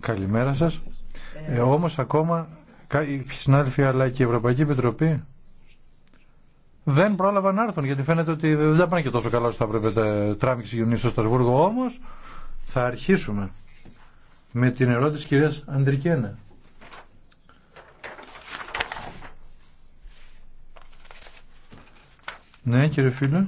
Καλημέρα σας. Ε, όμως ακόμα οι συνάδελφοι αλλά και η Ευρωπαϊκή Επιτροπή δεν πρόλαβαν να έρθουν γιατί φαίνεται ότι δεν τα πάνε και τόσο καλά όσο θα έπρεπε τα τράμικη γιουνί στο Στασβούργο. Όμως θα αρχίσουμε με την ερώτηση της κυρίας Αντρικένα. Ναι κύριε φίλε.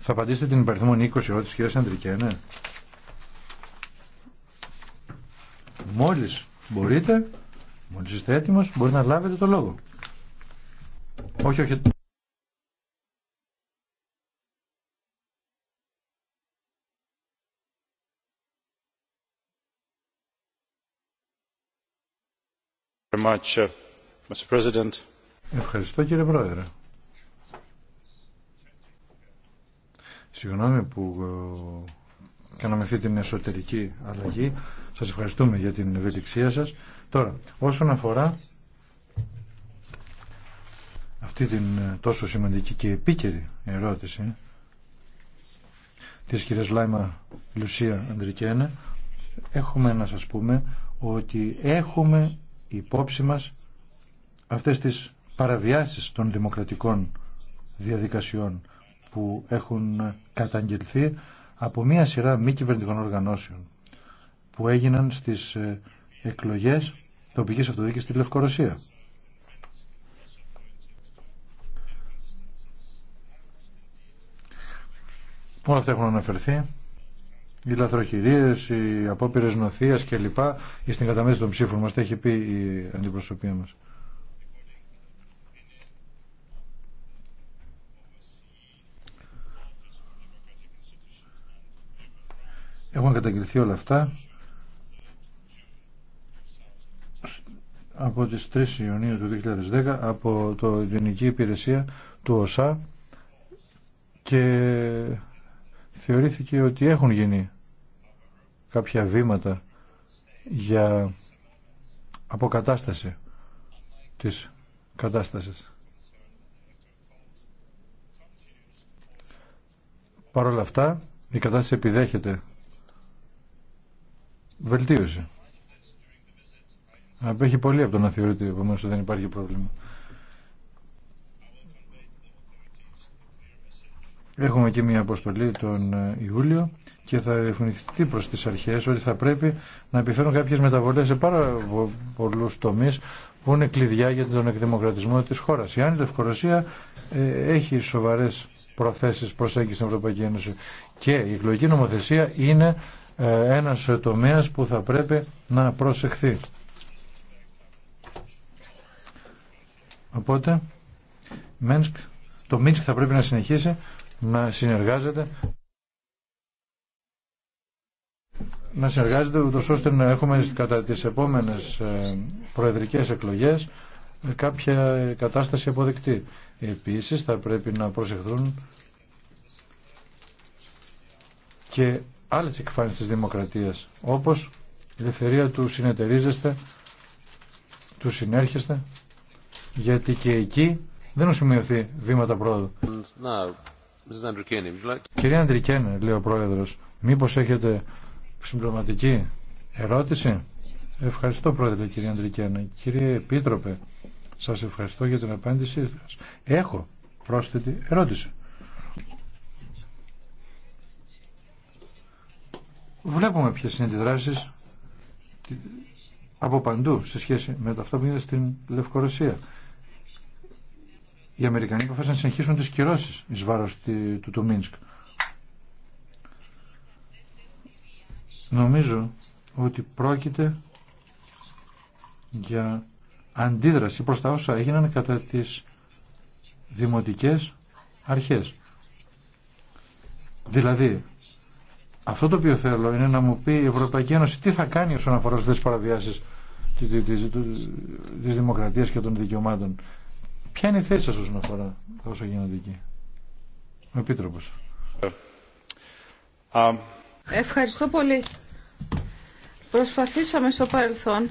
Θα απαντήσετε την υπαριθμόν 20 ερώτηση κυρία Αντρικένε. Μόλις μπορείτε, μόλις είστε έτοιμος, μπορείτε να λάβετε το λόγο. Όχι, όχι. Uh, Ευχαριστώ κύριε Πρόεδρε. Συγγνώμη που ε, κάναμε αυτή την εσωτερική αλλαγή. Σας ευχαριστούμε για την ευελιξία σας. Τώρα, όσον αφορά αυτή την ε, τόσο σημαντική και επίκαιρη ερώτηση της κυρίας Λάιμα Λουσία Αντρικένε, έχουμε να σας πούμε ότι έχουμε υπόψη μας αυτές τις παραβιάσεις των δημοκρατικών διαδικασιών που έχουν καταγγελθεί από μία σειρά μη κυβερνητικών οργανώσεων που έγιναν στις ε, εκλογές τοπικής αυτοδίκης στη Λευκορωσία. Όλα αυτά έχουν αναφερθεί οι λαθροχειρίες, οι απόπειρες νοθείας κλπ. Ή στην καταμέτρηση των ψήφων μας, τα έχει πει η αντιπροσωπεία μας. Έχουν καταγγελθεί όλα αυτά από τις 3 Ιουνίου του 2010 από το Ελληνική Υπηρεσία του ΩΣΑ και θεωρήθηκε ότι έχουν γίνει κάποια βήματα για αποκατάσταση της κατάστασης. Παρ' όλα αυτά, η κατάσταση επιδέχεται βελτίωση. Απέχει πολύ από το να θεωρείται επομένως ότι δεν υπάρχει πρόβλημα. Έχουμε και μια αποστολή τον ε, Ιούλιο και θα ευχηθεί προς τις αρχές ότι θα πρέπει να επιφέρουν κάποιες μεταβολές σε πάρα πολλούς τομείς που είναι κλειδιά για τον εκδημοκρατισμό της χώρας. Η Άννη Λευκορωσία ε, έχει σοβαρές προθέσεις προσέγγισης στην Ευρωπαϊκή Ένωση και η εκλογική νομοθεσία είναι ε, ένας τομέας που θα πρέπει να προσεχθεί. Οπότε, το Μίνσκ θα πρέπει να συνεχίσει να συνεργάζεται να συνεργάζεται ούτως ώστε να έχουμε κατά τις επόμενες ε, προεδρικές εκλογές ε, κάποια κατάσταση αποδεκτή. Επίσης θα πρέπει να προσεχθούν και άλλες εκφάνσεις της δημοκρατίας όπως η ελευθερία του συνεταιρίζεστε, του συνέρχεστε γιατί και εκεί δεν έχουν σημειωθεί βήματα πρόοδου. Κυρία Αντρικένε, λέει ο Πρόεδρος, μήπως έχετε συμπληρωματική ερώτηση. Ευχαριστώ Πρόεδρε κύριε Αντρικένε. Κύριε Επίτροπε, σας ευχαριστώ για την απάντησή σας. Έχω πρόσθετη ερώτηση. Βλέπουμε ποιε είναι αντιδράσει από παντού σε σχέση με αυτά που είδε στην Λευκορωσία οι Αμερικανοί αποφάσισαν να συνεχίσουν τις κυρώσεις εις βάρος του, του Μίνσκ. Νομίζω ότι πρόκειται για αντίδραση προς τα όσα έγιναν κατά τις δημοτικές αρχές. Δηλαδή, αυτό το οποίο θέλω είναι να μου πει η Ευρωπαϊκή Ένωση τι θα κάνει όσον αφορά αυτές τις παραβιάσεις της δημοκρατίας και των δικαιωμάτων. Ποια είναι η θέση σας όσον αφορά όσο γίνονται εκεί. Ο Επίτροπος. Ε, Ευχαριστώ πολύ. Προσπαθήσαμε στο παρελθόν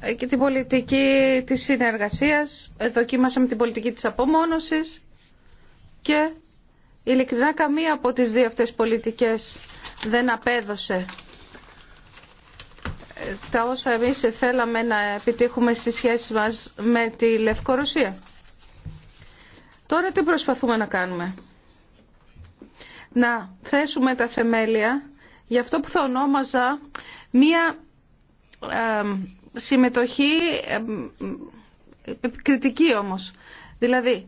ε, και την πολιτική της συνεργασίας, δοκίμασαμε την πολιτική της απομόνωσης και ειλικρινά καμία από τις δύο αυτές πολιτικές δεν απέδωσε τα όσα εμείς θέλαμε να επιτύχουμε στις σχέσεις μας με τη Λευκορωσία. Τώρα τι προσπαθούμε να κάνουμε. Να θέσουμε τα θεμέλια για αυτό που θα ονόμαζα μία συμμετοχή κριτική όμως. Δηλαδή,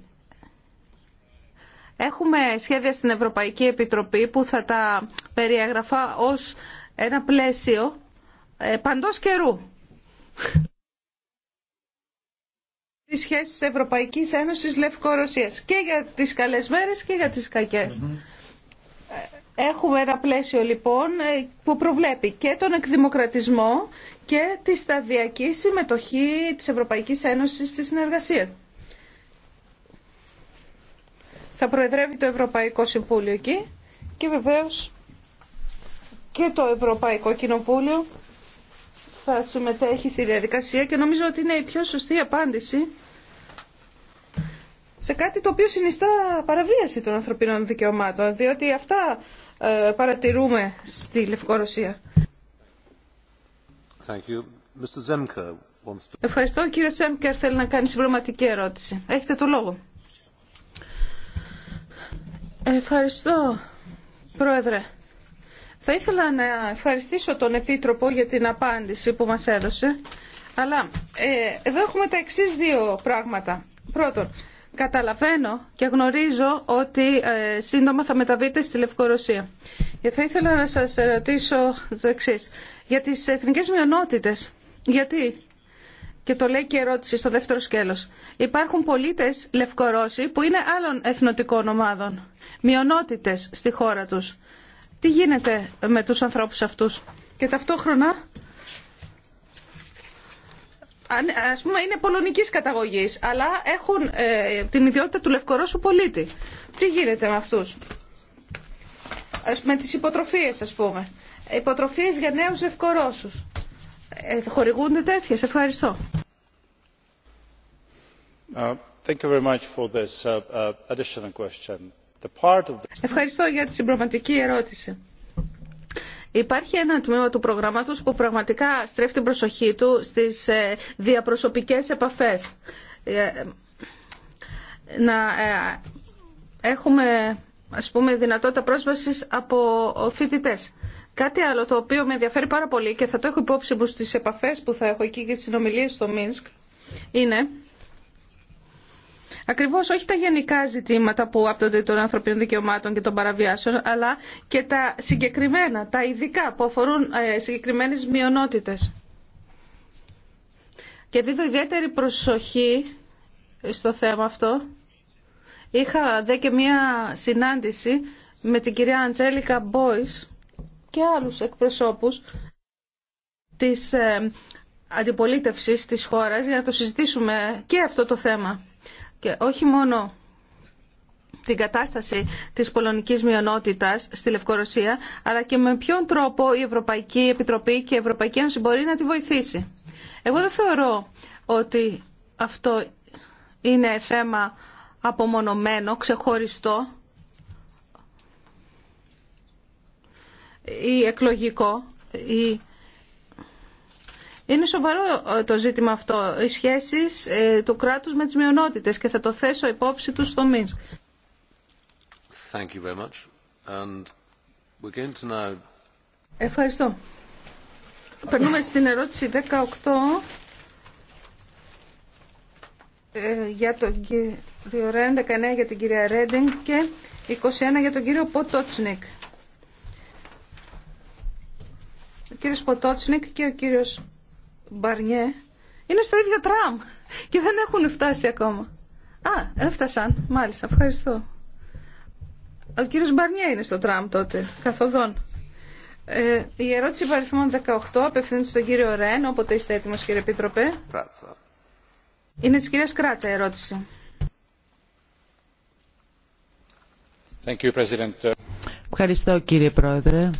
έχουμε σχέδια στην Ευρωπαϊκή Επιτροπή που θα τα περιέγραφα ως ένα πλαίσιο ε, παντός καιρού. Τις σχέσεις Ευρωπαϊκής Ένωσης Λευκορωσίας και για τις καλές μέρες και για τις κακές. Ε, έχουμε ένα πλαίσιο λοιπόν ε, που προβλέπει και τον εκδημοκρατισμό και τη σταδιακή συμμετοχή της Ευρωπαϊκής Ένωση στη συνεργασία. Θα προεδρεύει το Ευρωπαϊκό Συμβούλιο εκεί και βεβαίως και το Ευρωπαϊκό Κοινοβούλιο θα συμμετέχει στη διαδικασία και νομίζω ότι είναι η πιο σωστή απάντηση σε κάτι το οποίο συνιστά παραβίαση των ανθρωπίνων δικαιωμάτων, διότι αυτά ε, παρατηρούμε στη Λευκορωσία. Thank you. Mr. Zemker wants to... Ευχαριστώ. Κύριε Ζέμκερ θέλει να κάνει συμπληρωματική ερώτηση. Έχετε το λόγο. Ευχαριστώ, Πρόεδρε. Θα ήθελα να ευχαριστήσω τον Επίτροπο για την απάντηση που μας έδωσε. Αλλά ε, εδώ έχουμε τα εξή δύο πράγματα. Πρώτον, καταλαβαίνω και γνωρίζω ότι ε, σύντομα θα μεταβείτε στη Λευκορωσία. Και θα ήθελα να σας ρωτήσω το εξή. Για τις εθνικές μειονότητες, γιατί, και το λέει και η ερώτηση στο δεύτερο σκέλος, υπάρχουν πολίτες Λευκορώσοι που είναι άλλων εθνοτικών ομάδων, μειονότητες στη χώρα τους. Τι γίνεται με τους ανθρώπους αυτούς. Και ταυτόχρονα, ας πούμε, είναι πολωνικής καταγωγής, αλλά έχουν ε, την ιδιότητα του λευκορώσου πολίτη. Τι γίνεται με αυτούς. Ας, με τις υποτροφίες, ας πούμε. Υποτροφίες για νέους λευκορώσους. Ε, χορηγούνται τέτοιες. Ευχαριστώ. Uh, thank you very much for this uh, uh, Ευχαριστώ για τη συμπροματική ερώτηση. Υπάρχει ένα τμήμα του προγράμματος που πραγματικά στρέφει την προσοχή του στις ε, διαπροσωπικές επαφές. Ε, να ε, έχουμε ας πούμε, δυνατότητα πρόσβασης από φοιτητέ. Κάτι άλλο το οποίο με ενδιαφέρει πάρα πολύ και θα το έχω υπόψη μου στις επαφές που θα έχω εκεί και στις συνομιλίες στο Μίνσκ είναι Ακριβώς όχι τα γενικά ζητήματα που άπτονται των ανθρωπίνων δικαιωμάτων και των παραβιάσεων, αλλά και τα συγκεκριμένα, τα ειδικά που αφορούν ε, συγκεκριμένες μειονότητε. Και δίδω ιδιαίτερη προσοχή στο θέμα αυτό. Είχα δε και μία συνάντηση με την κυρία Αντζέλικα Μπόις και άλλους εκπροσώπους της ε, αντιπολίτευσης της χώρας για να το συζητήσουμε και αυτό το θέμα και όχι μόνο την κατάσταση της πολωνικής μειονότητας στη Λευκορωσία, αλλά και με ποιον τρόπο η Ευρωπαϊκή Επιτροπή και η Ευρωπαϊκή Ένωση μπορεί να τη βοηθήσει. Εγώ δεν θεωρώ ότι αυτό είναι θέμα απομονωμένο, ξεχωριστό ή εκλογικό ή είναι σοβαρό ε, το ζήτημα αυτό, οι σχέσεις ε, του κράτους με τις μειονότητες και θα το θέσω υπόψη του στο Μίνσκ. Ευχαριστώ. Περνούμε στην ερώτηση 18 ε, για τον κύριο Ρέν, 19 για την κυρία Ρέντινγκ και 21 για τον κύριο Ποτότσνικ. Ο κύριος Ποτότσνικ και ο κύριος Μπαρνιέ είναι στο ίδιο τραμ και δεν έχουν φτάσει ακόμα. Α, έφτασαν. Μάλιστα, ευχαριστώ. Ο κύριος Μπαρνιέ είναι στο τραμ τότε, καθοδόν. Ε, η ερώτηση παριθμών 18 απευθύνεται στον κύριο Ρεν, όποτε είστε έτοιμος κύριε Επίτροπε. Κράτσα. Είναι της κυρίας Κράτσα η ερώτηση. Thank Ευχαριστώ κύριε Πρόεδρε.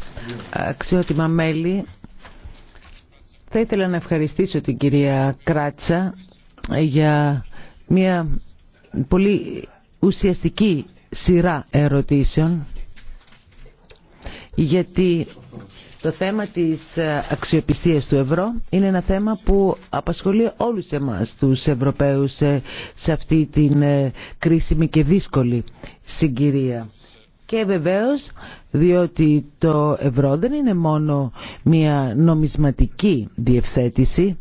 Αξιότιμα μέλη, θα ήθελα να ευχαριστήσω την κυρία Κράτσα για μια πολύ ουσιαστική σειρά ερωτήσεων γιατί το θέμα της αξιοπιστίας του ευρώ είναι ένα θέμα που απασχολεί όλους εμάς τους Ευρωπαίους σε αυτή την ε, κρίσιμη και δύσκολη συγκυρία. Και βεβαίως διότι το ευρώ δεν είναι μόνο μια νομισματική διευθέτηση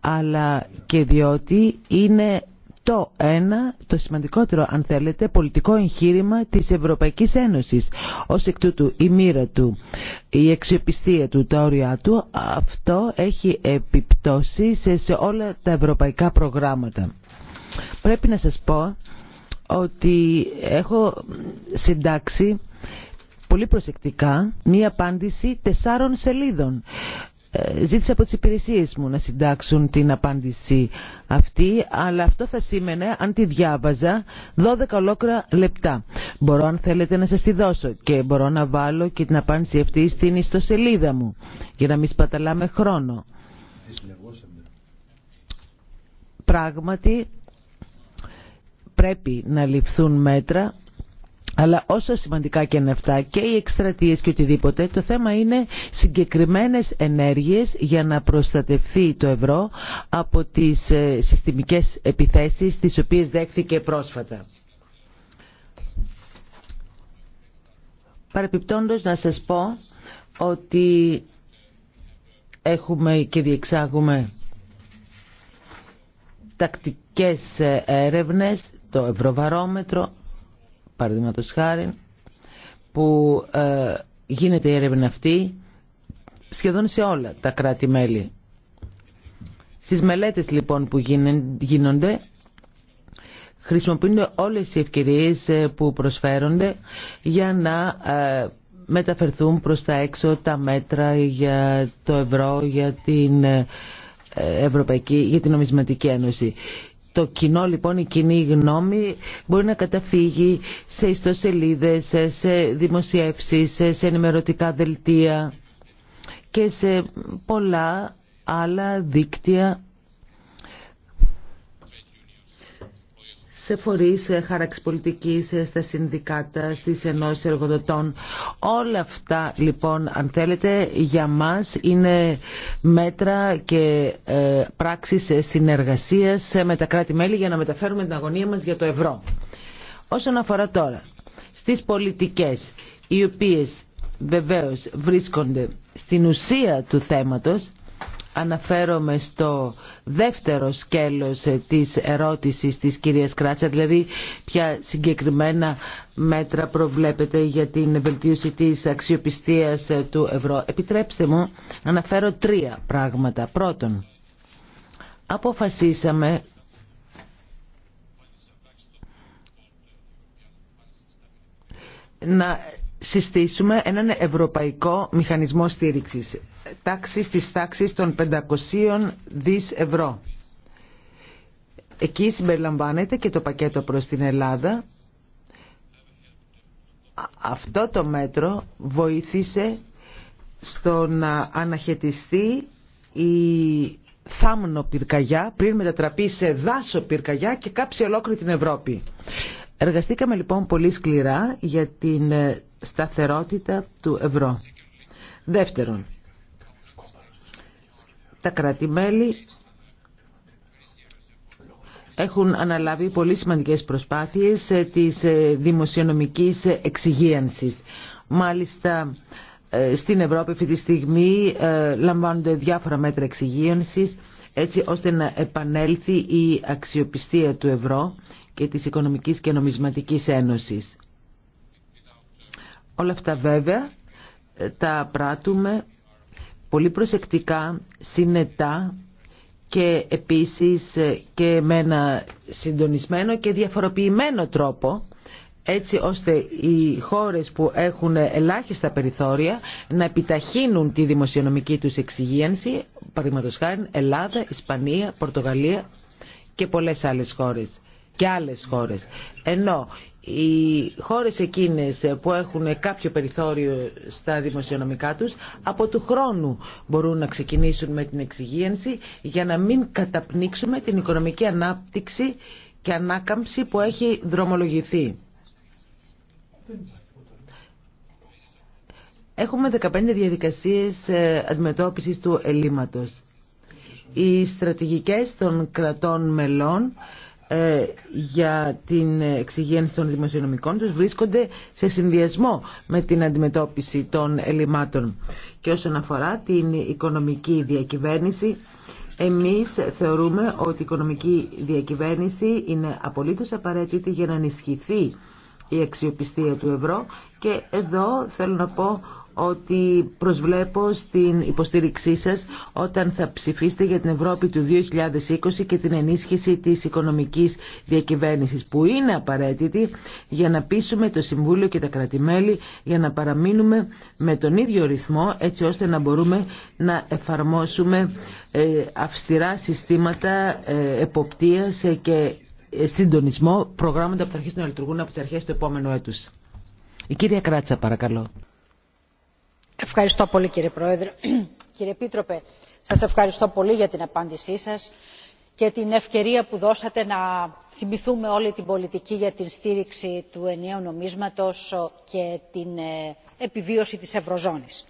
αλλά και διότι είναι το ένα, το σημαντικότερο αν θέλετε, πολιτικό εγχείρημα της Ευρωπαϊκής Ένωσης. Ως εκ τούτου η μοίρα του, η αξιοπιστία του, τα όρια του, αυτό έχει επιπτώσει σε, σε όλα τα ευρωπαϊκά προγράμματα. Πρέπει να σας πω ότι έχω συντάξει πολύ προσεκτικά μία απάντηση τεσσάρων σελίδων. Ε, ζήτησα από τις υπηρεσίες μου να συντάξουν την απάντηση αυτή, αλλά αυτό θα σήμαινε, αν τη διάβαζα, 12 ολόκληρα λεπτά. Μπορώ, αν θέλετε, να σας τη δώσω και μπορώ να βάλω και την απάντηση αυτή στην ιστοσελίδα μου, για να μην σπαταλάμε χρόνο. Πράγματι, πρέπει να ληφθούν μέτρα αλλά όσο σημαντικά και είναι αυτά και οι εκστρατείε και οτιδήποτε, το θέμα είναι συγκεκριμένες ενέργειες για να προστατευθεί το ευρώ από τις ε, συστημικές επιθέσεις τις οποίες δέχθηκε πρόσφατα. Παρεπιπτόντως να σας πω ότι έχουμε και διεξάγουμε τακτικές ε, έρευνες το Ευρωβαρόμετρο, παραδείγματο χάρη, που ε, γίνεται η έρευνα αυτή σχεδόν σε όλα τα κράτη-μέλη. Στις μελέτες λοιπόν που γίνονται χρησιμοποιούνται όλες οι ευκαιρίες ε, που προσφέρονται για να ε, μεταφερθούν προς τα έξω τα μέτρα για το ευρώ, για την ε, Ευρωπαϊκή, για την Νομισματική Ένωση. Το κοινό λοιπόν, η κοινή γνώμη μπορεί να καταφύγει σε ιστοσελίδες, σε δημοσιεύσεις, σε ενημερωτικά δελτία και σε πολλά άλλα δίκτυα σε φορείς χάραξη πολιτικής, στα συνδικάτα, στις ενώσεις εργοδοτών. Όλα αυτά λοιπόν αν θέλετε για μας είναι μέτρα και ε, πράξεις συνεργασίας με τα κράτη-μέλη για να μεταφέρουμε την αγωνία μας για το ευρώ. Όσον αφορά τώρα στις πολιτικές οι οποίες βεβαίως βρίσκονται στην ουσία του θέματος αναφέρομαι στο δεύτερο σκέλος ε, της ερώτησης της κυρίας Κράτσα, δηλαδή ποια συγκεκριμένα μέτρα προβλέπετε για την βελτίωση της αξιοπιστίας ε, του ευρώ. Επιτρέψτε μου να αναφέρω τρία πράγματα. Πρώτον, αποφασίσαμε να συστήσουμε έναν ευρωπαϊκό μηχανισμό στήριξης τάξη της τάξης των 500 δις ευρώ. Εκεί συμπεριλαμβάνεται και το πακέτο προς την Ελλάδα. Αυτό το μέτρο βοήθησε στο να αναχαιτιστεί η θάμνο πυρκαγιά πριν μετατραπεί σε δάσο πυρκαγιά και κάψει ολόκληρη την Ευρώπη. Εργαστήκαμε λοιπόν πολύ σκληρά για την ε, σταθερότητα του ευρώ. Δεύτερον, τα κρατη έχουν αναλάβει πολύ σημαντικές προσπάθειες ε, της ε, δημοσιονομικής εξυγίανσης. Μάλιστα, ε, στην Ευρώπη αυτή τη στιγμή λαμβάνονται διάφορα μέτρα εξυγίανσης έτσι ώστε να επανέλθει η αξιοπιστία του ευρώ και της Οικονομικής και Νομισματικής Ένωσης. Όλα αυτά βέβαια ε, τα πράττουμε πολύ προσεκτικά, συνετά και επίσης ε, και με ένα συντονισμένο και διαφοροποιημένο τρόπο έτσι ώστε οι χώρες που έχουν ελάχιστα περιθώρια να επιταχύνουν τη δημοσιονομική τους εξυγίανση, παραδείγματος χάρη Ελλάδα, Ισπανία, Πορτογαλία και πολλές άλλες χώρες και άλλες χώρες οι χώρες εκείνες που έχουν κάποιο περιθώριο στα δημοσιονομικά τους από του χρόνου μπορούν να ξεκινήσουν με την εξυγίανση για να μην καταπνίξουμε την οικονομική ανάπτυξη και ανάκαμψη που έχει δρομολογηθεί. Έχουμε 15 διαδικασίες ε, αντιμετώπισης του ελλείμματος. Οι στρατηγικές των κρατών μελών ε, για την εξυγένση των δημοσιονομικών τους βρίσκονται σε συνδυασμό με την αντιμετώπιση των ελλημάτων. Και όσον αφορά την οικονομική διακυβέρνηση, εμείς θεωρούμε ότι η οικονομική διακυβέρνηση είναι απολύτως απαραίτητη για να ενισχυθεί η αξιοπιστία του ευρώ και εδώ θέλω να πω ότι προσβλέπω στην υποστήριξή σας όταν θα ψηφίσετε για την Ευρώπη του 2020 και την ενίσχυση της οικονομικής διακυβέρνησης που είναι απαραίτητη για να πείσουμε το Συμβούλιο και τα κρατημέλη για να παραμείνουμε με τον ίδιο ρυθμό έτσι ώστε να μπορούμε να εφαρμόσουμε ε, αυστηρά συστήματα ε, εποπτείας ε, και συντονισμό προγράμματα που θα αρχίσουν να λειτουργούν από τις αρχές του επόμενου έτους. Η κυρία Κράτσα παρακαλώ. Ευχαριστώ πολύ κύριε Πρόεδρε. Κύριε Επίτροπε, σας ευχαριστώ πολύ για την απάντησή σας και την ευκαιρία που δώσατε να θυμηθούμε όλη την πολιτική για την στήριξη του ενιαίου νομίσματος και την ε, επιβίωση της Ευρωζώνης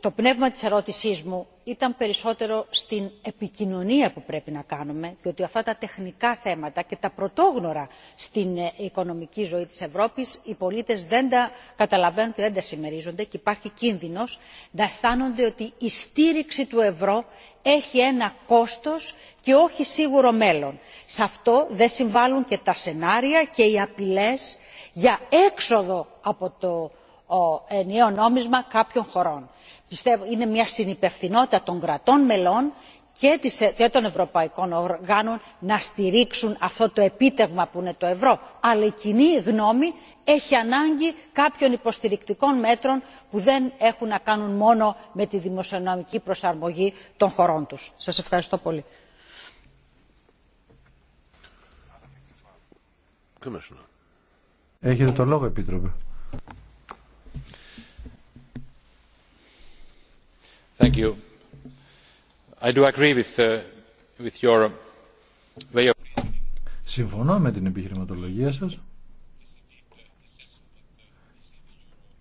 το πνεύμα της ερώτησής μου ήταν περισσότερο στην επικοινωνία που πρέπει να κάνουμε διότι αυτά τα τεχνικά θέματα και τα πρωτόγνωρα στην ε, οικονομική ζωή της Ευρώπης οι πολίτες δεν τα καταλαβαίνουν και δεν τα συμμερίζονται και υπάρχει κίνδυνος να αισθάνονται ότι η στήριξη του ευρώ έχει ένα κόστος και όχι σίγουρο μέλλον. Σε αυτό δεν συμβάλλουν και τα σενάρια και οι απειλές για έξοδο από το ενιαίο νόμισμα κάποιων χωρών. πιστεύω είναι μια συνυπευθυνότητα των κρατών μελών και των ευρωπαϊκών οργάνων να στηρίξουν αυτό το επίτευγμα που είναι το ευρώ αλλά η κοινή γνώμη έχει ανάγκη κάποιων υποστηρικτικών μέτρων που δεν έχουν να κάνουν μόνο με τη δημοσιονομική προσαρμογή των χωρών τους. σας ευχαριστώ πολύ. Συμφωνώ με την επιχειρηματολογία σας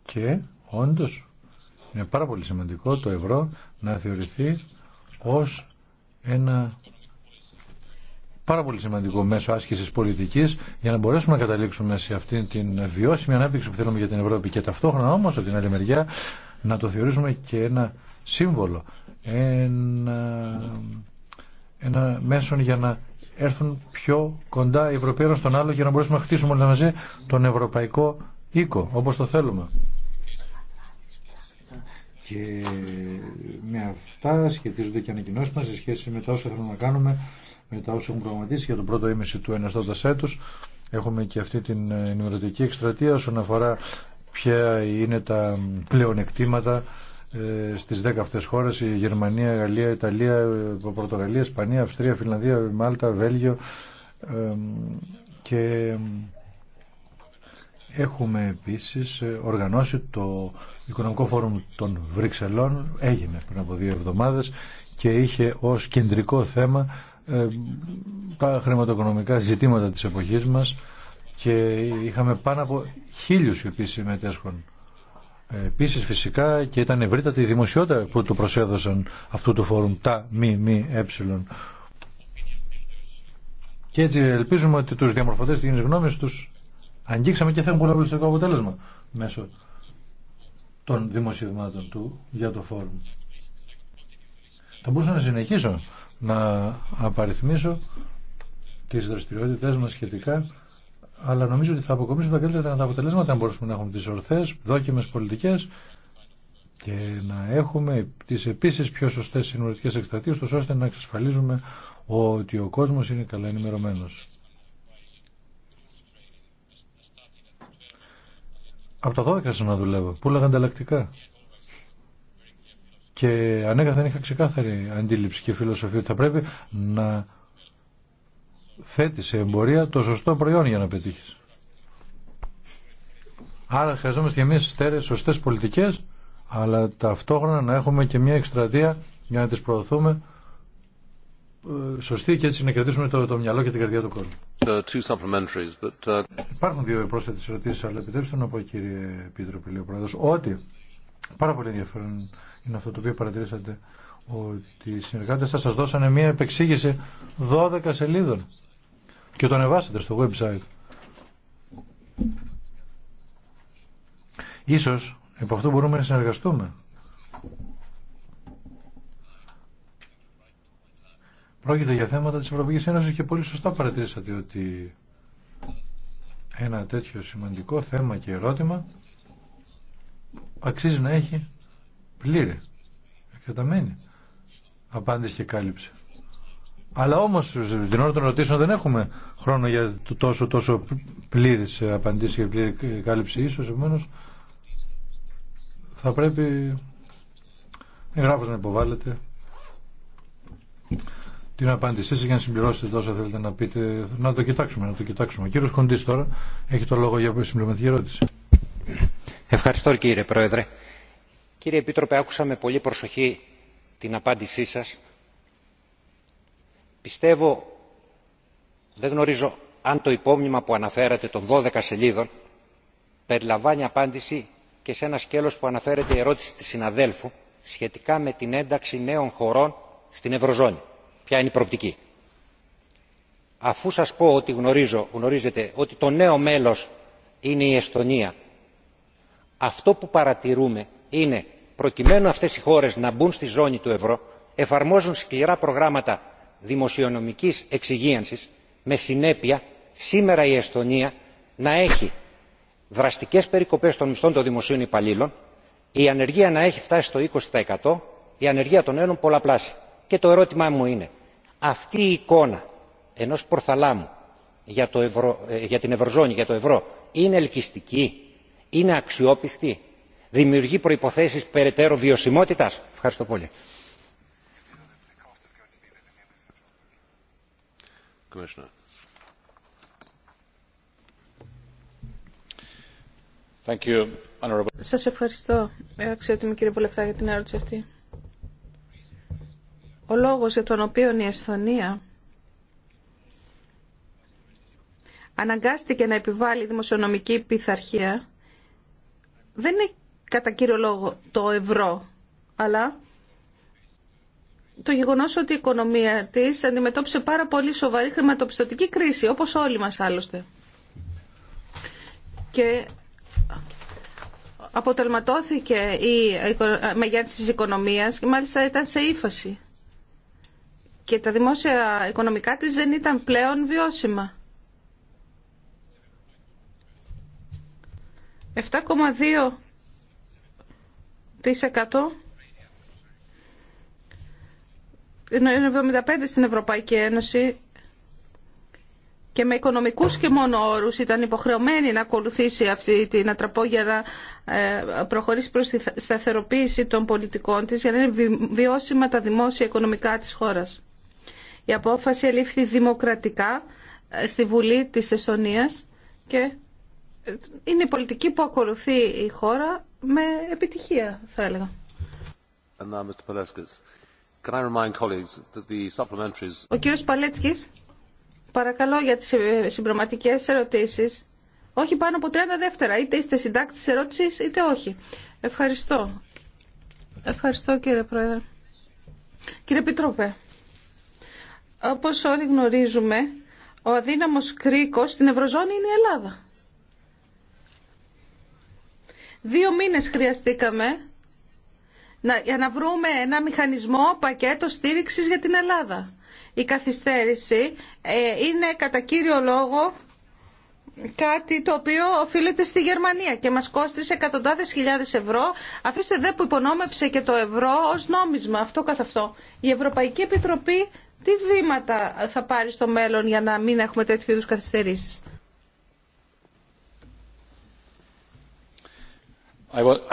και όντως είναι πάρα πολύ σημαντικό το ευρώ να θεωρηθεί ως ένα πάρα πολύ σημαντικό μέσο άσκησης πολιτικής για να μπορέσουμε να καταλήξουμε σε αυτήν την βιώσιμη ανάπτυξη που θέλουμε για την Ευρώπη και ταυτόχρονα όμως από την άλλη μεριά να το θεωρήσουμε και ένα σύμβολο, ένα, ένα μέσον για να έρθουν πιο κοντά οι Ευρωπαίοι στον άλλο για να μπορέσουμε να χτίσουμε όλοι μαζί τον ευρωπαϊκό οίκο, όπως το θέλουμε. Και με αυτά σχετίζονται και ανακοινώσει μα σε σχέση με τα όσα θέλουμε να κάνουμε, με τα όσα έχουμε προγραμματίσει για τον πρώτο ήμιση του ενεστώτα έτου. Έχουμε και αυτή την ε, ενημερωτική εκστρατεία όσον αφορά ποια είναι τα πλεονεκτήματα ε, στις 10 αυτές χώρες, η Γερμανία, η Γαλλία, η Ιταλία, η Πορτογαλία, η Ισπανία, Αυστρία, η Φιλανδία, η Μάλτα, Βέλγιο και έχουμε επίσης ε, οργανώσει το Οικονομικό Φόρουμ των Βρυξελών, έγινε πριν από δύο εβδομάδες και είχε ως κεντρικό θέμα ε, τα χρηματοοικονομικά ζητήματα της εποχής μας και είχαμε πάνω από χίλιους οι οποίοι ε, Επίση, φυσικά και ήταν ευρύτατη η δημοσιότητα που του προσέδωσαν αυτού του φόρουμ τα μη μη έψιλον. Ε. Και έτσι ελπίζουμε ότι τους διαμορφωτές της γνώμη τους αγγίξαμε και θέλουν απολυστικό αποτέλεσμα μέσω των δημοσιευμάτων του για το φόρουμ. Θα μπορούσα να συνεχίσω να απαριθμίσω τις δραστηριότητες μας σχετικά αλλά νομίζω ότι θα αποκομίσουν τα καλύτερα τα αποτελέσματα αν μπορούμε να έχουμε τις ορθές, δόκιμες πολιτικές και να έχουμε τις επίσης πιο σωστές συνοριτικές εκστρατείες ώστε να εξασφαλίζουμε ότι ο κόσμος είναι καλά ενημερωμένος. Από τα 12 να δουλεύω, πουλάγα ανταλλακτικά. Και ανέκαθεν είχα ξεκάθαρη αντίληψη και φιλοσοφία ότι θα πρέπει να θέτει σε εμπορία το σωστό προϊόν για να πετύχει. Άρα χρειαζόμαστε και εμείς στερε σωστέ πολιτικές, αλλά ταυτόχρονα να έχουμε και μια εκστρατεία για να τι προωθούμε ε, σωστή και έτσι να κρατήσουμε το, το μυαλό και την καρδιά του κόσμου. Uh, Υπάρχουν δύο πρόσθετε ερωτήσει, αλλά επιτρέψτε να πω, κύριε Επίτροπε, λέει ο ότι πάρα πολύ ενδιαφέρον είναι αυτό το οποίο παρατηρήσατε, ότι οι συνεργάτε σα σα δώσανε μια επεξήγηση 12 σελίδων και το ανεβάσετε στο website. Ίσως επ' αυτό μπορούμε να συνεργαστούμε. Πρόκειται για θέματα της Ευρωπαϊκής Ένωσης και πολύ σωστά παρατηρήσατε ότι ένα τέτοιο σημαντικό θέμα και ερώτημα αξίζει να έχει πλήρη, εκτεταμένη απάντηση και κάλυψη. Αλλά όμω την ώρα των ερωτήσεων δεν έχουμε χρόνο για το τόσο, τόσο πλήρη απαντήσει και πλήρη κάλυψη. ίσω επομένω θα πρέπει η εγγράφο να υποβάλλετε την απάντησή σα για να συμπληρώσετε τόσο θέλετε να πείτε. Να το κοιτάξουμε, να το κοιτάξουμε. Ο κύριο Κοντή τώρα έχει το λόγο για συμπληρωματική ερώτηση. Ευχαριστώ κύριε Πρόεδρε. Κύριε Επίτροπε, άκουσα με πολύ προσοχή την απάντησή σας πιστεύω δεν γνωρίζω αν το υπόμνημα που αναφέρατε των δώδεκα σελίδων περιλαμβάνει απάντηση και σε ένα σκέλος που αναφέρεται η ερώτηση της συναδέλφου σχετικά με την ένταξη νέων χωρών στην ευρωζώνη ποια είναι η προοπτική. αφού σας πω ότι γνωρίζω, γνωρίζετε ότι το νέο μέλος είναι η εσθονία αυτό που παρατηρούμε είναι προκειμένου αυτές οι χώρες να μπουν στη ζώνη του ευρώ εφαρμόζουν σκληρά προγράμματα δημοσιονομικής εξυγίανσης με συνέπεια σήμερα η εσθονία να έχει δραστικές περικοπές των μισθών των δημοσίων υπαλλήλων η ανεργία να έχει φτάσει στο 20%, η ανεργία των νέων πολλαπλάσια. και το ερώτημά μου είναι αυτή η εικόνα ενός προθαλάμου για, ε, για την ευρωζώνη για το ευρώ είναι ελκυστική είναι αξιόπιστη δημιουργεί προϋποθέσεις περαιτέρω βιωσιμότητας. ευχαριστώ πολύ. Commissioner. Thank you, Σας ευχαριστώ, αξιότιμη κύριε Βουλευτά, για την ερώτηση αυτή. Ο λόγος για τον οποίο η Εσθονία αναγκάστηκε να επιβάλλει δημοσιονομική πειθαρχία δεν είναι κατά κύριο λόγο το ευρώ, αλλά το γεγονός ότι η οικονομία της αντιμετώπισε πάρα πολύ σοβαρή χρηματοπιστωτική κρίση, όπως όλοι μας άλλωστε. Και αποτελματώθηκε η μεγέθυνση της οικονομίας και μάλιστα ήταν σε ύφαση. Και τα δημόσια οικονομικά της δεν ήταν πλέον βιώσιμα. 7,2% 75 στην Ευρωπαϊκή Ένωση και με οικονομικούς και μόνο όρους ήταν υποχρεωμένη να ακολουθήσει αυτή την ατραπό για να ε, προχωρήσει προς τη σταθεροποίηση των πολιτικών της για να είναι βιώσιμα τα δημόσια οικονομικά της χώρας. Η απόφαση ελήφθη δημοκρατικά ε, στη Βουλή της Εστονίας και ε, είναι η πολιτική που ακολουθεί η χώρα με επιτυχία θα έλεγα. Ο κύριος Παλέτσκης, παρακαλώ για τις ε, συμπροματικές ερωτήσεις. Όχι πάνω από 30 δεύτερα. Είτε είστε συντάκτης ερώτησης, είτε όχι. Ευχαριστώ. Ευχαριστώ κύριε Πρόεδρε. Κύριε Πίτροπε, όπως όλοι γνωρίζουμε, ο αδύναμος κρίκος στην Ευρωζώνη είναι η Ελλάδα. Δύο μήνες χρειαστήκαμε για να βρούμε ένα μηχανισμό πακέτο στήριξης για την Ελλάδα. Η καθυστέρηση ε, είναι κατά κύριο λόγο κάτι το οποίο οφείλεται στη Γερμανία και μας κόστησε εκατοντάδες χιλιάδες ευρώ. Αφήστε δε που υπονόμευσε και το ευρώ ως νόμισμα αυτό καθ' αυτό. Η Ευρωπαϊκή Επιτροπή τι βήματα θα πάρει στο μέλλον για να μην έχουμε τέτοιου είδους καθυστερήσεις.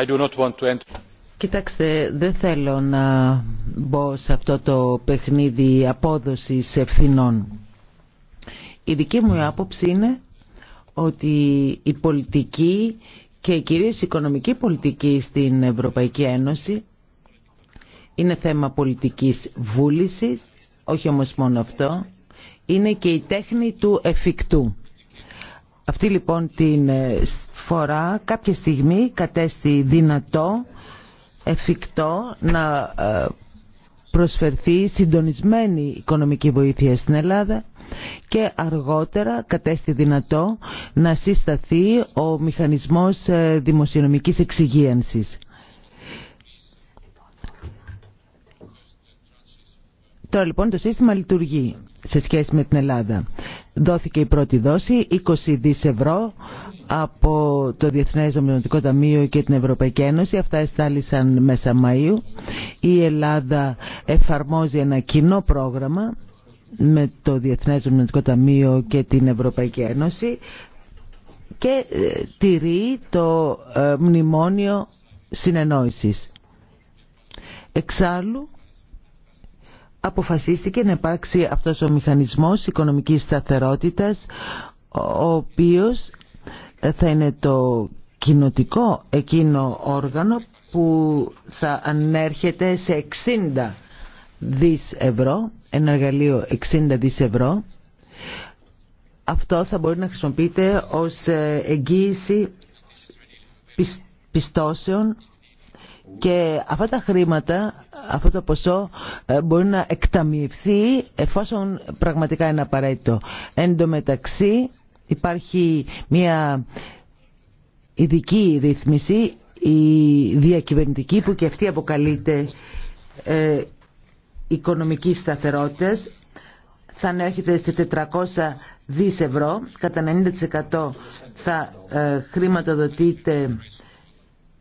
I do Κοιτάξτε, δεν θέλω να μπω σε αυτό το παιχνίδι απόδοσης ευθυνών. Η δική μου άποψη είναι ότι η πολιτική και κυρίως η οικονομική πολιτική στην Ευρωπαϊκή Ένωση είναι θέμα πολιτικής βούλησης, όχι όμως μόνο αυτό, είναι και η τέχνη του εφικτού. Αυτή λοιπόν την ε, φορά κάποια στιγμή κατέστη δυνατό εφικτό να ε, προσφερθεί συντονισμένη οικονομική βοήθεια στην Ελλάδα και αργότερα κατέστη δυνατό να συσταθεί ο μηχανισμός ε, δημοσιονομικής εξυγίανσης. Τώρα λοιπόν το σύστημα λειτουργεί σε σχέση με την Ελλάδα. Δόθηκε η πρώτη δόση, 20 δις ευρώ από το Διεθνές Νομισματικό Ταμείο και την Ευρωπαϊκή Ένωση. Αυτά εστάλησαν μέσα Μαΐου. Η Ελλάδα εφαρμόζει ένα κοινό πρόγραμμα με το Διεθνές Νομισματικό Ταμείο και την Ευρωπαϊκή Ένωση και ε, τηρεί το ε, μνημόνιο συνεννόησης. Εξάλλου, αποφασίστηκε να υπάρξει αυτός ο μηχανισμός οικονομικής σταθερότητας ο οποίος θα είναι το κοινοτικό εκείνο όργανο που θα ανέρχεται σε 60 δις ευρώ, ένα εργαλείο 60 δις ευρώ. Αυτό θα μπορεί να χρησιμοποιείται ως εγγύηση πιστώσεων και αυτά τα χρήματα, αυτό το ποσό ε, μπορεί να εκταμιευθεί εφόσον πραγματικά είναι απαραίτητο. Εν τω μεταξύ υπάρχει μια ειδική ρύθμιση, η διακυβερνητική που και αυτή αποκαλείται ε, οικονομική σταθερότητα. θα ανέρχεται σε 400 δις ευρώ, κατά 90% θα ε, χρηματοδοτείται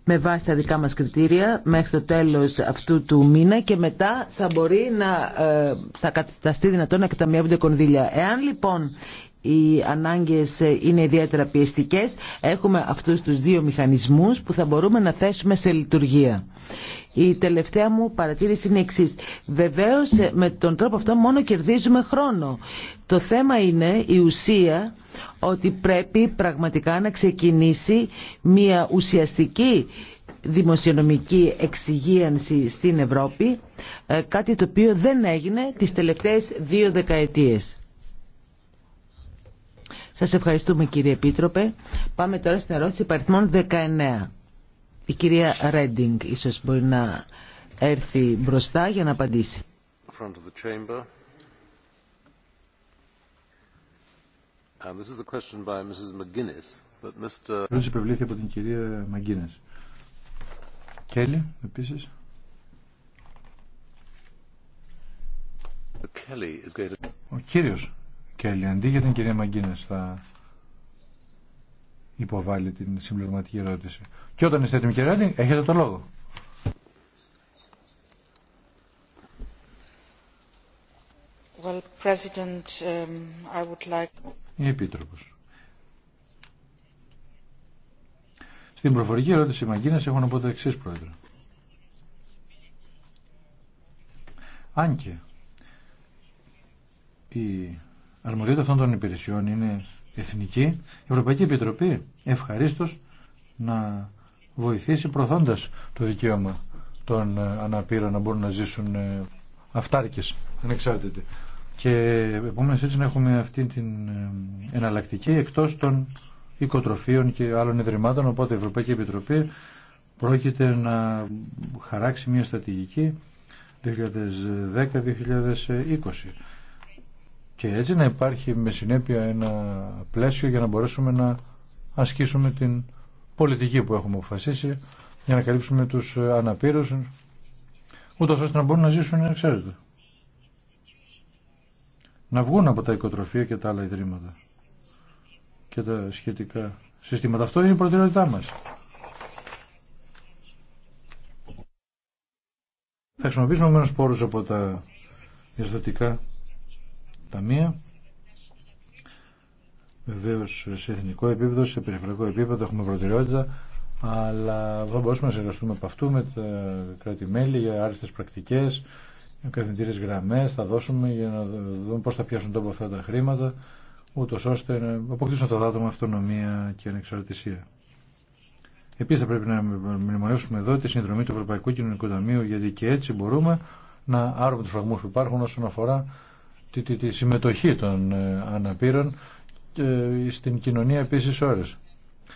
με βάση τα δικά μας κριτήρια μέχρι το τέλος αυτού του μήνα και μετά θα μπορεί να ε, θα καταστεί δυνατόν να εκταμιεύονται κονδύλια. Εάν λοιπόν οι ανάγκες είναι ιδιαίτερα πιεστικές, έχουμε αυτούς τους δύο μηχανισμούς που θα μπορούμε να θέσουμε σε λειτουργία. Η τελευταία μου παρατήρηση είναι εξή. Βεβαίω με τον τρόπο αυτό μόνο κερδίζουμε χρόνο. Το θέμα είναι η ουσία ότι πρέπει πραγματικά να ξεκινήσει μια ουσιαστική δημοσιονομική εξυγίανση στην Ευρώπη, ε, κάτι το οποίο δεν έγινε τις τελευταίες δύο δεκαετίες. Σας ευχαριστούμε κύριε Επίτροπε. Πάμε τώρα στην ερώτηση παριθμών 19. Η κυρία Ρέντινγκ ίσως μπορεί να έρθει μπροστά για να απαντήσει. Ερώτηση υπευλήθη από την κυρία Μαγκίνες. Κέλλη, επίσης. Ο κύριος Κέλλη. Αντί για την κυρία Μαγκίνες θα υποβάλει την συμπληρωματική ερώτηση. Και όταν είστε έτοιμοι κυρία έχετε το λόγο. Well, President, um, I would like... Η Επίτροπος. Στην προφορική ερώτηση Μαγκίνες έχω να πω το εξής, Πρόεδρε. Αν και η αρμοδιότητα αυτών των υπηρεσιών είναι εθνική, η Ευρωπαϊκή Επιτροπή ευχαρίστω να βοηθήσει προωθώντα το δικαίωμα των ε, αναπήρων να μπορούν να ζήσουν ε, αυτάρκες, ανεξάρτητοι. Και επόμενε έτσι να έχουμε αυτή την ε, εναλλακτική εκτός των οικοτροφίων και άλλων ιδρυμάτων, οπότε η Ευρωπαϊκή Επιτροπή πρόκειται να χαράξει μια στρατηγική 2010-2020 και έτσι να υπάρχει με συνέπεια ένα πλαίσιο για να μπορέσουμε να ασκήσουμε την πολιτική που έχουμε αποφασίσει για να καλύψουμε τους ε, αναπήρους ούτως ώστε να μπορούν να ζήσουν, ξέρετε. Να βγουν από τα οικοτροφία και τα άλλα ιδρύματα και τα σχετικά συστήματα. Αυτό είναι η προτεραιότητά μας. Θα χρησιμοποιήσουμε μένους πόρους από τα διαστατικά ταμεία. Βεβαίω σε εθνικό επίπεδο, σε περιφερειακό επίπεδο έχουμε προτεραιότητα, αλλά θα μπορούσαμε να συνεργαστούμε από αυτού με τα κράτη-μέλη για άριστε πρακτικέ, καθημερινέ γραμμέ, θα δώσουμε για να δούμε πώ θα πιάσουν τόπο αυτά τα χρήματα, ούτω ώστε να αποκτήσουν τα άτομα αυτονομία και ανεξαρτησία. Επίση θα πρέπει να μνημονεύσουμε εδώ τη συνδρομή του Ευρωπαϊκού Κοινωνικού Ταμείου, γιατί και έτσι μπορούμε να άρουμε του φραγμού που υπάρχουν όσον αφορά τη, τη, τη συμμετοχή των ε, αναπήρων ε, στην κοινωνία επίσης ώρες.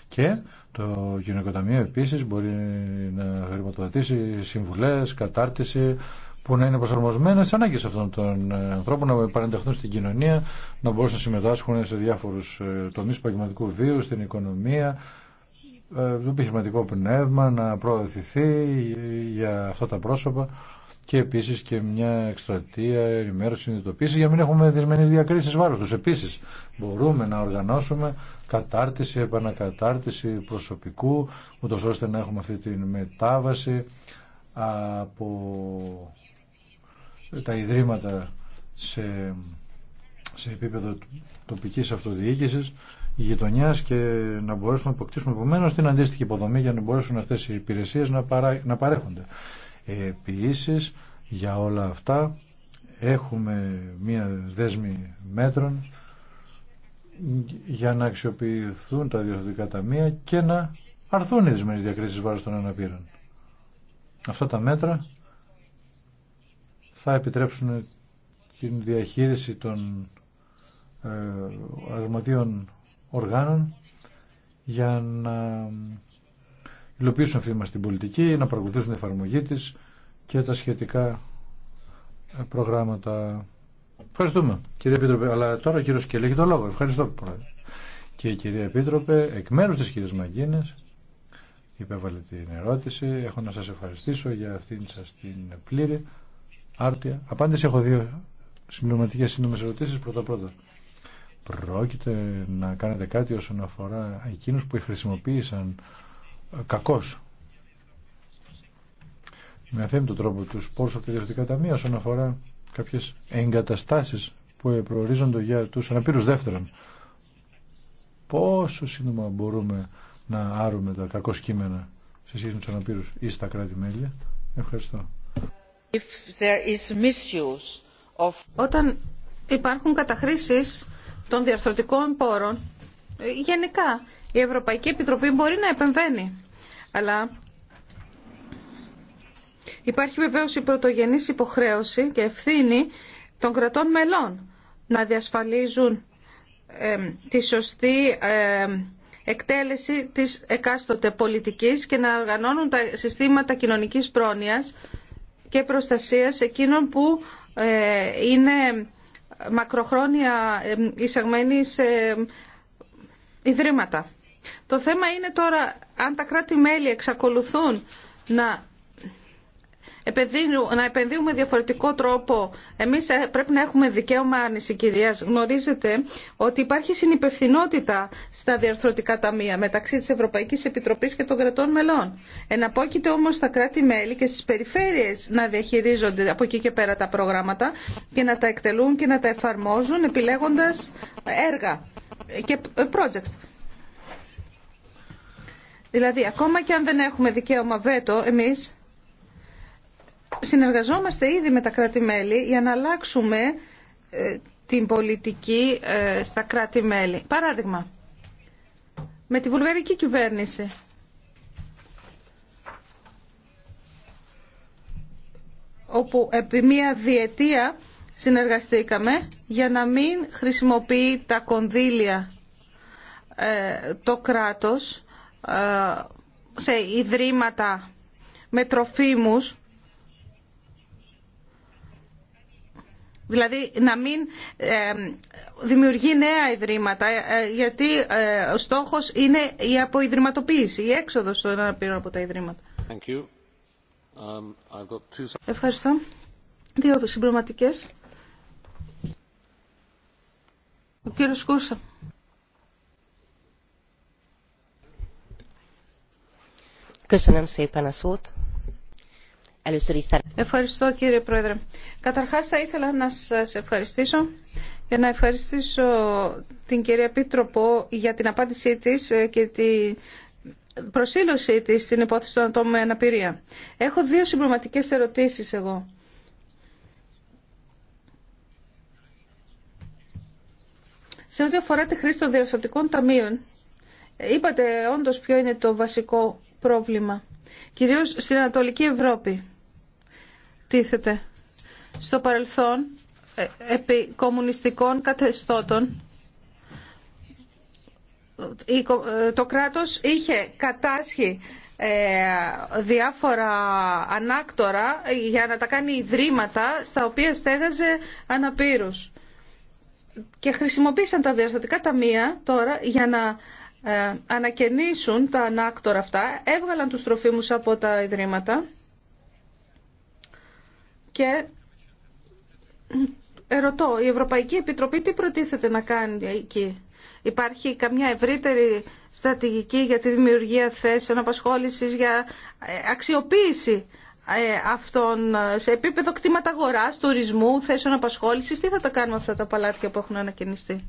Και το Κοινωνικό επίσης μπορεί να χρηματοδοτήσει συμβουλές, κατάρτιση που να είναι προσαρμοσμένε στι ανάγκε αυτών των ε, ανθρώπων, να παρενταχθούν στην κοινωνία, να μπορούν να συμμετάσχουν σε διάφορου τομεί επαγγελματικού βίου, στην οικονομία, το επιχειρηματικό πνεύμα, να προωθηθεί για αυτά τα πρόσωπα και επίσης και μια εκστρατεία ενημέρωση συνειδητοποίηση για να μην έχουμε δυσμενεί διακρίσεις βάρος του. Επίσης μπορούμε να οργανώσουμε κατάρτιση, επανακατάρτιση προσωπικού, ούτω ώστε να έχουμε αυτή τη μετάβαση από τα ιδρύματα σε, σε επίπεδο τοπικής αυτοδιοίκησης γειτονιά και να μπορέσουμε να αποκτήσουμε επομένω την αντίστοιχη υποδομή για να μπορέσουν αυτέ οι υπηρεσίε να, να παρέχονται. Επίση, για όλα αυτά έχουμε μία δέσμη μέτρων για να αξιοποιηθούν τα διορθωτικά ταμεία και να αρθούν οι δεσμενές διακρίσεις βάρος των αναπήρων. Αυτά τα μέτρα θα επιτρέψουν την διαχείριση των ε, αρμοδίων οργάνων για να υλοποιήσουν αυτή μας την πολιτική, να παρακολουθήσουν την εφαρμογή της και τα σχετικά προγράμματα. Ευχαριστούμε κύριε Επίτροπε. Αλλά τώρα ο κύριο Σκελή έχει το λόγο. Ευχαριστώ πρόεδρε. Και η κυρία Επίτροπε, εκ μέρου τη κυρία Μαγκίνε, υπέβαλε την ερώτηση. Έχω να σα ευχαριστήσω για αυτήν σα την πλήρη άρτια. Απάντηση έχω δύο συμπληρωματικέ σύντομε ερωτήσει. Πρώτα-πρώτα, πρόκειται να κάνετε κάτι όσον αφορά εκείνου που χρησιμοποίησαν κακός. Με τον τρόπο του πόρους από τα ταμεία όσον αφορά κάποιες εγκαταστάσεις που προορίζονται για τους αναπήρους δεύτερον. Πόσο σύντομα μπορούμε να άρουμε τα κακό κείμενα σε σχέση με τους αναπήρους ή στα κράτη-μέλη. Ευχαριστώ. Όταν υπάρχουν καταχρήσεις των διαρθρωτικών πόρων, γενικά η Ευρωπαϊκή Επιτροπή μπορεί να επεμβαίνει αλλά υπάρχει βεβαίως η πρωτογενής υποχρέωση και ευθύνη των κρατών μελών να διασφαλίζουν τη σωστή εκτέλεση της εκάστοτε πολιτικής και να οργανώνουν τα συστήματα κοινωνικής πρόνοιας και προστασίας εκείνων που ε, είναι μακροχρόνια εισαγμένοι σε ιδρύματα. Το θέμα είναι τώρα αν τα κράτη-μέλη εξακολουθούν να να με διαφορετικό τρόπο. Εμείς ε, πρέπει να έχουμε δικαίωμα κυρία, Γνωρίζετε ότι υπάρχει συνυπευθυνότητα στα διαρθρωτικά ταμεία μεταξύ της Ευρωπαϊκής Επιτροπής και των κρατών μελών. Εναπόκειται όμως στα κράτη-μέλη και στις περιφέρειες να διαχειρίζονται από εκεί και πέρα τα προγράμματα και να τα εκτελούν και να τα εφαρμόζουν επιλέγοντας έργα και project. Δηλαδή, ακόμα και αν δεν έχουμε δικαίωμα βέτο εμείς, συνεργαζόμαστε ήδη με τα κράτη-μέλη για να αλλάξουμε ε, την πολιτική ε, στα κράτη-μέλη. Παράδειγμα, με τη βουλγαρική κυβέρνηση. όπου επί μία διετία συνεργαστήκαμε για να μην χρησιμοποιεί τα κονδύλια ε, το κράτος ε, σε ιδρύματα με τροφίμους, Δηλαδή να μην ε, δημιουργεί νέα ιδρύματα, ε, γιατί ο στόχος είναι η αποϊδρυματοποίηση, η έξοδος των αναπήρων από τα ιδρύματα. Thank you. Um, I've Ευχαριστώ. Δύο συμπληρωματικές. Ο κύριος Κούρσα. Ευχαριστώ κύριε Πρόεδρε. Καταρχάς θα ήθελα να σας ευχαριστήσω για να ευχαριστήσω την κυρία Πίτροπο για την απάντησή της ε, και την προσήλωσή της στην υπόθεση των ατόμων με αναπηρία. Έχω δύο συμπληρωματικές ερωτήσεις εγώ. Σε ό,τι αφορά τη χρήση των διευθυντικών ταμείων, είπατε όντως ποιο είναι το βασικό πρόβλημα. Κυρίως στην Ανατολική Ευρώπη τίθεται. Στο παρελθόν, ε, επί κομμουνιστικών καθεστώτων, ε, το κράτος είχε κατάσχει ε, διάφορα ανάκτορα για να τα κάνει ιδρύματα στα οποία στέγαζε αναπήρους. Και χρησιμοποίησαν τα διαρθρωτικά ταμεία τώρα για να ε, ανακαινήσουν τα ανάκτορα αυτά, έβγαλαν τους τροφίμους από τα ιδρύματα και ερωτώ, η Ευρωπαϊκή Επιτροπή τι προτίθεται να κάνει εκεί. Υπάρχει καμιά ευρύτερη στρατηγική για τη δημιουργία θέσεων απασχόλησης, για ε, αξιοποίηση ε, αυτών σε επίπεδο κτήματα αγοράς, τουρισμού, θέσεων απασχόλησης. Τι θα τα κάνουμε αυτά τα παλάτια που έχουν ανακαινιστεί.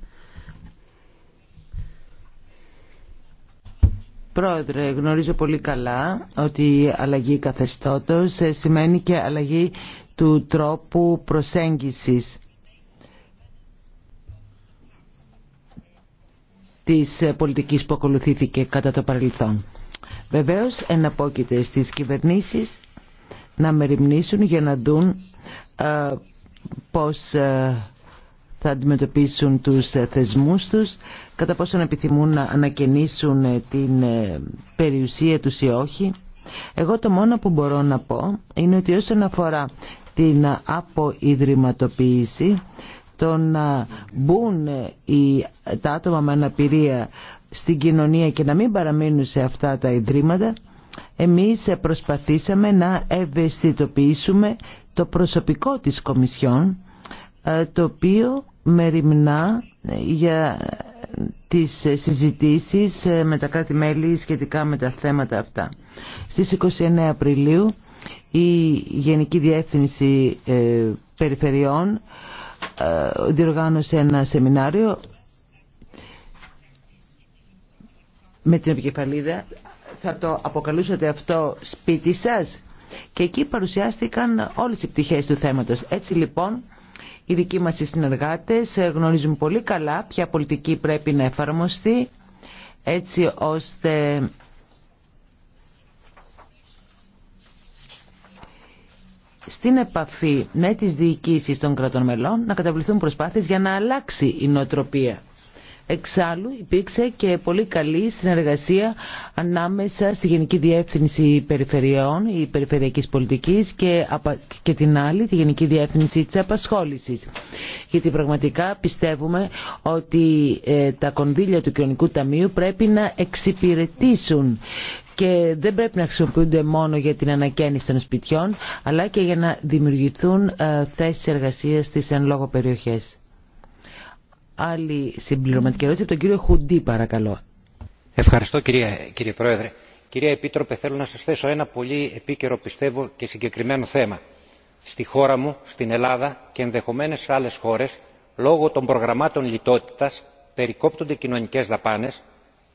Πρόεδρε, γνωρίζω πολύ καλά ότι η αλλαγή καθεστώτος ε, σημαίνει και αλλαγή του τρόπου προσέγγισης της ε, πολιτικής που ακολουθήθηκε κατά το παρελθόν. Βεβαίως, εναπόκειται στις κυβερνήσεις να μεριμνήσουν για να δουν α, ε, πώς θα αντιμετωπίσουν τους θεσμούς τους κατά πόσον επιθυμούν να ανακαινήσουν ε, την ε, περιουσία τους ή όχι. Εγώ το μόνο που μπορώ να πω είναι ότι όσον αφορά την αποϊδρυματοποίηση, το να μπουν ε, οι, τα άτομα με αναπηρία στην κοινωνία και να μην παραμείνουν σε αυτά τα ιδρύματα, εμείς προσπαθήσαμε να ευαισθητοποιήσουμε το προσωπικό της Κομισιόν, το οποίο μεριμνά για τις συζητήσεις ε, με τα κράτη-μέλη σχετικά με τα θέματα αυτά. Στις 29 Απριλίου η Γενική Διεύθυνση ε, Περιφερειών ε, διοργάνωσε ένα σεμινάριο με την επικεφαλίδα. Θα το αποκαλούσατε αυτό σπίτι σας. Και εκεί παρουσιάστηκαν όλες οι πτυχές του θέματος. Έτσι λοιπόν οι δικοί μας οι συνεργάτες γνωρίζουν πολύ καλά ποια πολιτική πρέπει να εφαρμοστεί έτσι ώστε στην επαφή με τις διοικήσεις των κρατών μελών να καταβληθούν προσπάθειες για να αλλάξει η νοοτροπία. Εξάλλου υπήρξε και πολύ καλή συνεργασία ανάμεσα στη Γενική Διεύθυνση Περιφερειών, η Περιφερειακής Πολιτικής και, και την άλλη, τη Γενική Διεύθυνση της Απασχόλησης. Γιατί πραγματικά πιστεύουμε ότι ε, τα κονδύλια του Κοινωνικού Ταμείου πρέπει να εξυπηρετήσουν και δεν πρέπει να χρησιμοποιούνται μόνο για την ανακαίνιση των σπιτιών αλλά και για να δημιουργηθούν ε, θέσεις εργασίας στις εν λόγω περιοχές άλλη συμπληρωματική ερώτηση από τον κύριο Χουντή παρακαλώ. Ευχαριστώ κυρία, κύριε Πρόεδρε. Κυρία Επίτροπε, θέλω να σας θέσω ένα πολύ επίκαιρο πιστεύω και συγκεκριμένο θέμα. Στη χώρα μου, στην Ελλάδα και ενδεχομένως σε άλλες χώρες, λόγω των προγραμμάτων λιτότητας περικόπτονται κοινωνικές δαπάνες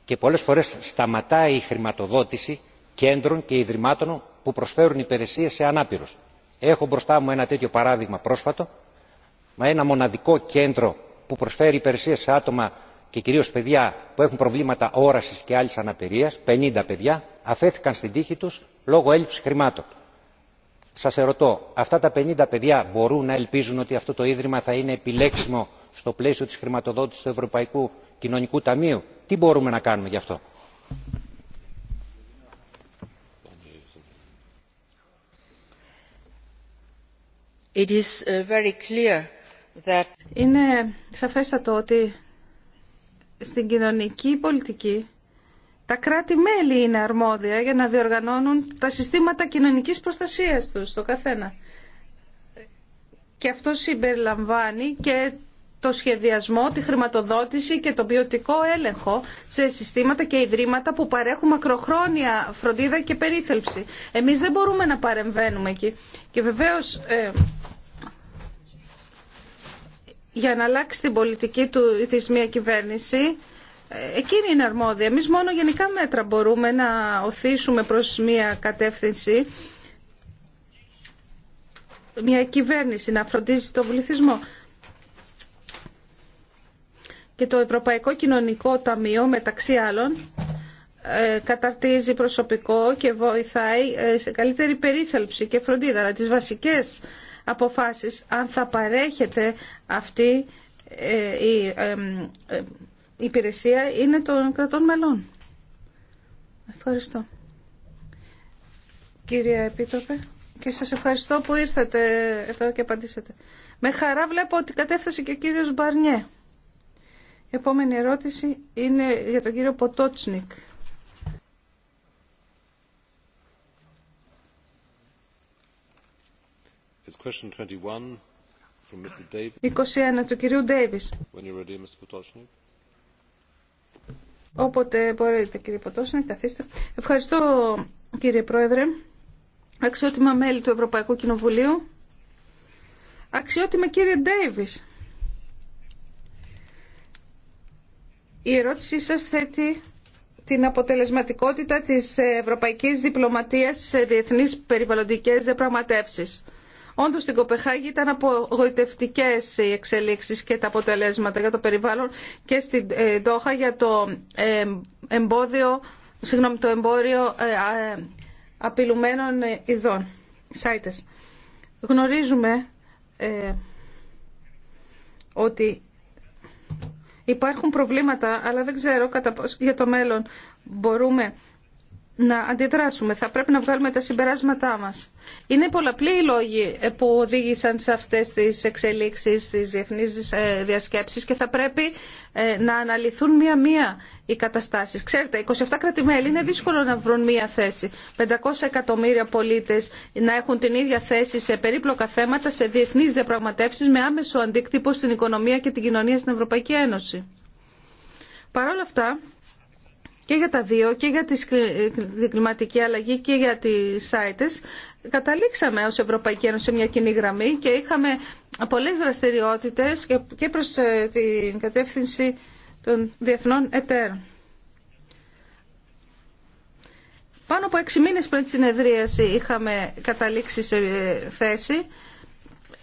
και πολλές φορές σταματάει η χρηματοδότηση κέντρων και ιδρυμάτων που προσφέρουν υπηρεσίες σε ανάπηρους. Έχω μπροστά μου ένα τέτοιο παράδειγμα πρόσφατο, με ένα μοναδικό κέντρο που προσφέρει υπηρεσίε σε άτομα και κυρίω παιδιά που έχουν προβλήματα όραση και άλλη αναπηρία 50 παιδιά αφέθηκαν στην τύχη του λόγω έλλειψη χρημάτων. Σα ερωτώ, αυτά τα 50 παιδιά μπορούν να ελπίζουν ότι αυτό το ίδρυμα θα είναι επιλέξιμο στο πλαίσιο τη χρηματοδότηση του Ευρωπαϊκού Κοινωνικού Ταμείου. Τι μπορούμε να κάνουμε γι' αυτό. It is ε, very είναι σαφέστατο ότι στην κοινωνική πολιτική τα κράτη-μέλη είναι αρμόδια για να διοργανώνουν τα συστήματα κοινωνικής προστασίας τους, το καθένα. Και αυτό συμπεριλαμβάνει και το σχεδιασμό, τη χρηματοδότηση και το ποιοτικό έλεγχο σε συστήματα και ιδρύματα που παρέχουν μακροχρόνια φροντίδα και περίθελψη. Εμείς δεν μπορούμε να παρεμβαίνουμε εκεί. Και βεβαίως ε, για να αλλάξει την πολιτική του, της μία κυβέρνηση, ε, εκείνη είναι αρμόδια. Εμείς μόνο γενικά μέτρα μπορούμε να οθήσουμε προς μία κατεύθυνση, μία κυβέρνηση να φροντίζει τον πληθυσμό. Και το Ευρωπαϊκό Κοινωνικό Ταμείο, μεταξύ άλλων, ε, καταρτίζει προσωπικό και βοηθάει ε, σε καλύτερη περίθαλψη και φροντίδα. Αλλά τις βασικές αποφάσεις αν θα παρέχεται αυτή ε, η ε, ε, υπηρεσία είναι των κρατών μελών. Ευχαριστώ. Κυρία Επίτροπε, και σας ευχαριστώ που ήρθατε εδώ και απαντήσατε. Με χαρά βλέπω ότι κατέφθασε και ο κύριος Μπαρνιέ. Επόμενη ερώτηση είναι για τον κύριο Ποτότσνικ. 21 του κυρίου Ντέιβις. Όποτε μπορείτε κύριε Ποτόσνη, καθίστε. Ευχαριστώ κύριε Πρόεδρε, αξιότιμα μέλη του Ευρωπαϊκού Κοινοβουλίου, αξιότιμα κύριε Ντέιβις. Η ερώτησή σας θέτει την αποτελεσματικότητα της ευρωπαϊκής διπλωματίας σε διεθνείς περιβαλλοντικές διαπραγματεύσεις. Όντω στην Κοπεχάγη ήταν απογοητευτικέ οι εξελίξει και τα αποτελέσματα για το περιβάλλον και στην ε, Ντόχα για το ε, εμπόδιο, συγγνώμη, το εμπόριο ε, απειλουμένων ειδών. Σάιτες. Γνωρίζουμε ότι υπάρχουν προβλήματα, αλλά δεν ξέρω κατά, για το μέλλον μπορούμε να αντιδράσουμε. Θα πρέπει να βγάλουμε τα συμπεράσματά μας. Είναι πολλαπλοί οι λόγοι ε, που οδήγησαν σε αυτές τις εξελίξεις τις διεθνείς ε, διασκέψεις και θα πρέπει ε, να αναλυθούν μία-μία οι καταστάσεις. Ξέρετε, 27 κρατημέλη είναι δύσκολο να βρουν μία θέση. 500 εκατομμύρια πολίτες να έχουν την ίδια θέση σε περίπλοκα θέματα, σε διεθνείς διαπραγματεύσεις με άμεσο αντίκτυπο στην οικονομία και την κοινωνία στην Ευρωπαϊκή Ένωση. Παρ' όλα αυτά, και για τα δύο, και για τη κλιματική αλλαγή και για τις σάιτες, καταλήξαμε ως Ευρωπαϊκή Ένωση μια κοινή γραμμή και είχαμε πολλές δραστηριότητες και προς ε, την κατεύθυνση των διεθνών εταίρων. Πάνω από έξι μήνες πριν τη συνεδρίαση είχαμε καταλήξει σε ε, θέση.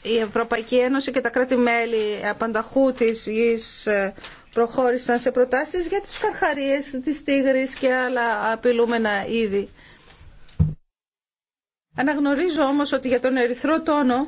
Η Ευρωπαϊκή Ένωση και τα κράτη-μέλη απανταχού της γης ε, προχώρησαν σε προτάσεις για τις καρχαρίες, τις τίγρης και άλλα απειλούμενα είδη. Αναγνωρίζω όμως ότι για τον ερυθρό τόνο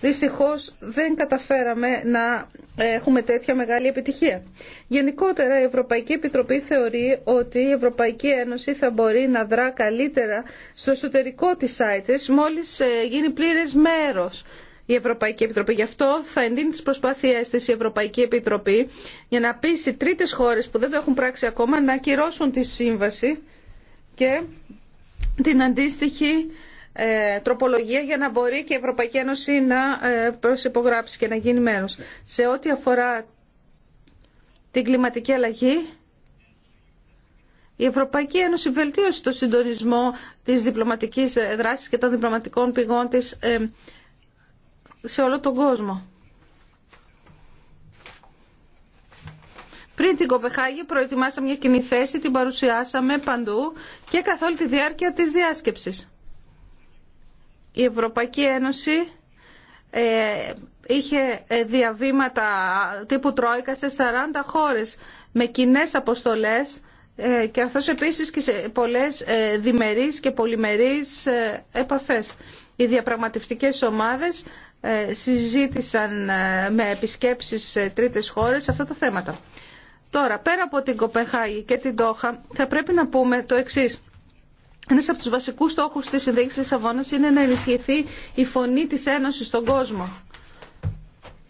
δυστυχώς δεν καταφέραμε να έχουμε τέτοια μεγάλη επιτυχία. Γενικότερα η Ευρωπαϊκή Επιτροπή θεωρεί ότι η Ευρωπαϊκή Ένωση θα μπορεί να δρά καλύτερα στο εσωτερικό της ΣΑΙΤΕΣ μόλις ε, γίνει πλήρες μέρος η Ευρωπαϊκή Επιτροπή. Γι' αυτό θα εντείνει τις προσπάθειές της η Ευρωπαϊκή Επιτροπή για να πείσει τρίτες χώρες που δεν το έχουν πράξει ακόμα να ακυρώσουν τη σύμβαση και την αντίστοιχη ε, τροπολογία για να μπορεί και η Ευρωπαϊκή Ένωση να ε, προσυπογράψει και να γίνει μέρο. Σε ό,τι αφορά την κλιματική αλλαγή, η Ευρωπαϊκή Ένωση βελτίωσε το συντονισμό της διπλωματικής ε, δράσης και των διπλωματικών πηγών της σε όλο τον κόσμο. Πριν την Κοπεχάγη προετοιμάσαμε μια κοινή θέση, την παρουσιάσαμε παντού και καθ' όλη τη διάρκεια της διάσκεψης. Η Ευρωπαϊκή Ένωση ε, είχε ε, διαβήματα τύπου Τρόικα σε 40 χώρες με κοινέ αποστολές ε, και αυτός επίσης και σε πολλές ε, διμερείς και πολυμερείς επαφές. Οι διαπραγματευτικές ομάδες ε, συζήτησαν ε, με επισκέψεις σε τρίτες χώρες αυτά τα θέματα. Τώρα, πέρα από την Κοπεχάγη και την Τόχα, θα πρέπει να πούμε το εξής. Ένα από του βασικούς στόχου της συνδέξη τη είναι να ενισχυθεί η φωνή της Ένωσης στον κόσμο.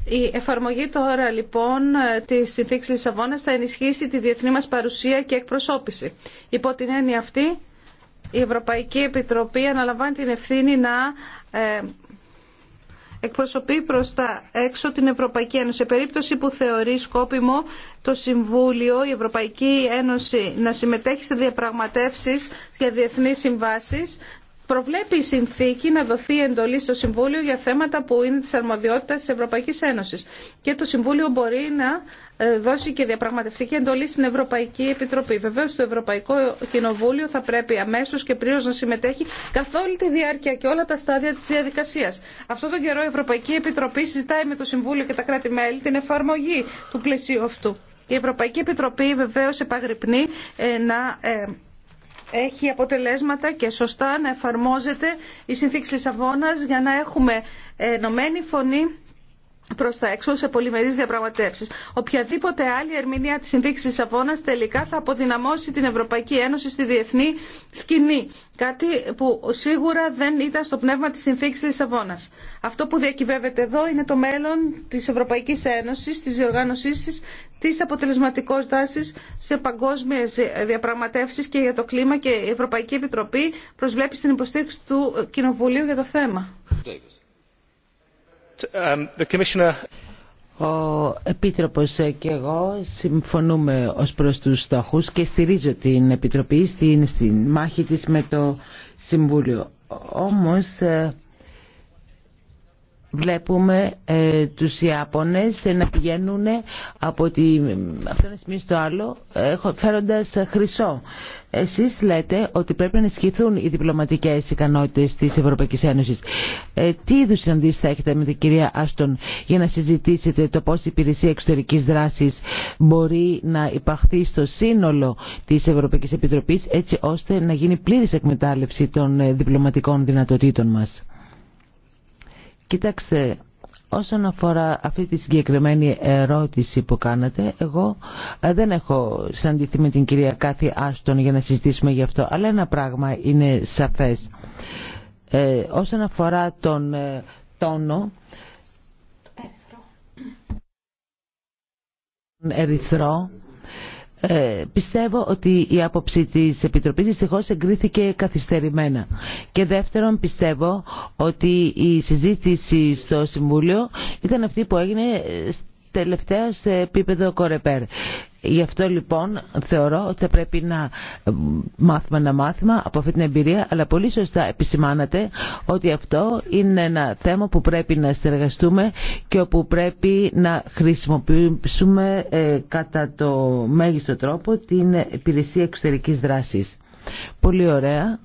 Η εφαρμογή τώρα λοιπόν τη συνθήκη τη Αβώνα θα ενισχύσει τη διεθνή μα παρουσία και εκπροσώπηση. Υπό την έννοια αυτή, η Ευρωπαϊκή Επιτροπή αναλαμβάνει την ευθύνη να ε, εκπροσωπεί προ τα έξω την Ευρωπαϊκή Ένωση. Σε περίπτωση που θεωρεί σκόπιμο το Συμβούλιο, η Ευρωπαϊκή Ένωση να συμμετέχει σε διαπραγματεύσεις για διεθνείς συμβάσεις, προβλέπει η συνθήκη να δοθεί εντολή στο Συμβούλιο για θέματα που είναι της αρμοδιότητας της Ευρωπαϊκής Ένωσης. Και το Συμβούλιο μπορεί να ε, δώσει και διαπραγματευτική εντολή στην Ευρωπαϊκή Επιτροπή. Βεβαίω, το Ευρωπαϊκό Κοινοβούλιο θα πρέπει αμέσω και πλήρω να συμμετέχει καθ' όλη τη διάρκεια και όλα τα στάδια τη διαδικασία. Αυτό τον καιρό η Ευρωπαϊκή Επιτροπή συζητάει με το Συμβούλιο και τα κράτη-μέλη την εφαρμογή του πλαισίου αυτού. Η Ευρωπαϊκή Επιτροπή βεβαίω επαγρυπνεί ε, να ε, έχει αποτελέσματα και σωστά να εφαρμόζεται η συνθήκη της για να έχουμε ενωμένη φωνή προς τα έξω σε πολυμερείς διαπραγματεύσεις. Οποιαδήποτε άλλη ερμηνεία της συνθήκης της Αβώνας τελικά θα αποδυναμώσει την Ευρωπαϊκή Ένωση στη διεθνή σκηνή. Κάτι που σίγουρα δεν ήταν στο πνεύμα της συνθήκης της Αβώνας. Αυτό που διακυβεύεται εδώ είναι το μέλλον της Ευρωπαϊκής Ένωσης, της διοργάνωσής της, της δάσης σε παγκόσμιες διαπραγματεύσεις και για το κλίμα και η Ευρωπαϊκή Επιτροπή προσβλέπει στην υποστήριξη του Κοινοβουλίου για το θέμα. Um, Ο Επίτροπος και εγώ συμφωνούμε ως προς τους στόχους και στηρίζω την Επιτροπή στην, μάχη της με το Συμβούλιο. Όμως ε, βλέπουμε ε, τους Ιάπωνες να πηγαίνουν από, τη, από είναι ένα σημείο στο άλλο ε, φέροντας χρυσό. Εσείς λέτε ότι πρέπει να ενισχυθούν οι διπλωματικές ικανότητες της Ευρωπαϊκής Ένωσης. Ε, τι είδου συναντήσεις θα έχετε με την κυρία Άστον για να συζητήσετε το πώς η υπηρεσία εξωτερικής δράσης μπορεί να υπαχθεί στο σύνολο της Ευρωπαϊκής Επιτροπής έτσι ώστε να γίνει πλήρης εκμετάλλευση των ε, διπλωματικών δυνατοτήτων μας. Κοιτάξτε, Όσον αφορά αυτή τη συγκεκριμένη ερώτηση που κάνατε, εγώ ε, δεν έχω συναντηθεί με την κυρία Κάθη Άστον για να συζητήσουμε γι' αυτό, αλλά ένα πράγμα είναι σαφές. Ε, όσον αφορά τον ε, τόνο, ερυθρό, ε, πιστεύω ότι η άποψη της Επιτροπής δυστυχώς εγκρίθηκε καθυστερημένα. Και δεύτερον πιστεύω ότι η συζήτηση στο Συμβούλιο ήταν αυτή που έγινε ε, τελευταία σε επίπεδο κορεπέρ. Γι' αυτό λοιπόν θεωρώ ότι πρέπει να μάθουμε ένα μάθημα από αυτή την εμπειρία, αλλά πολύ σωστά επισημάνατε ότι αυτό είναι ένα θέμα που πρέπει να συνεργαστούμε και όπου πρέπει να χρησιμοποιήσουμε ε, κατά το μέγιστο τρόπο την υπηρεσία εξωτερικής δράσης. Πολύ ωραία.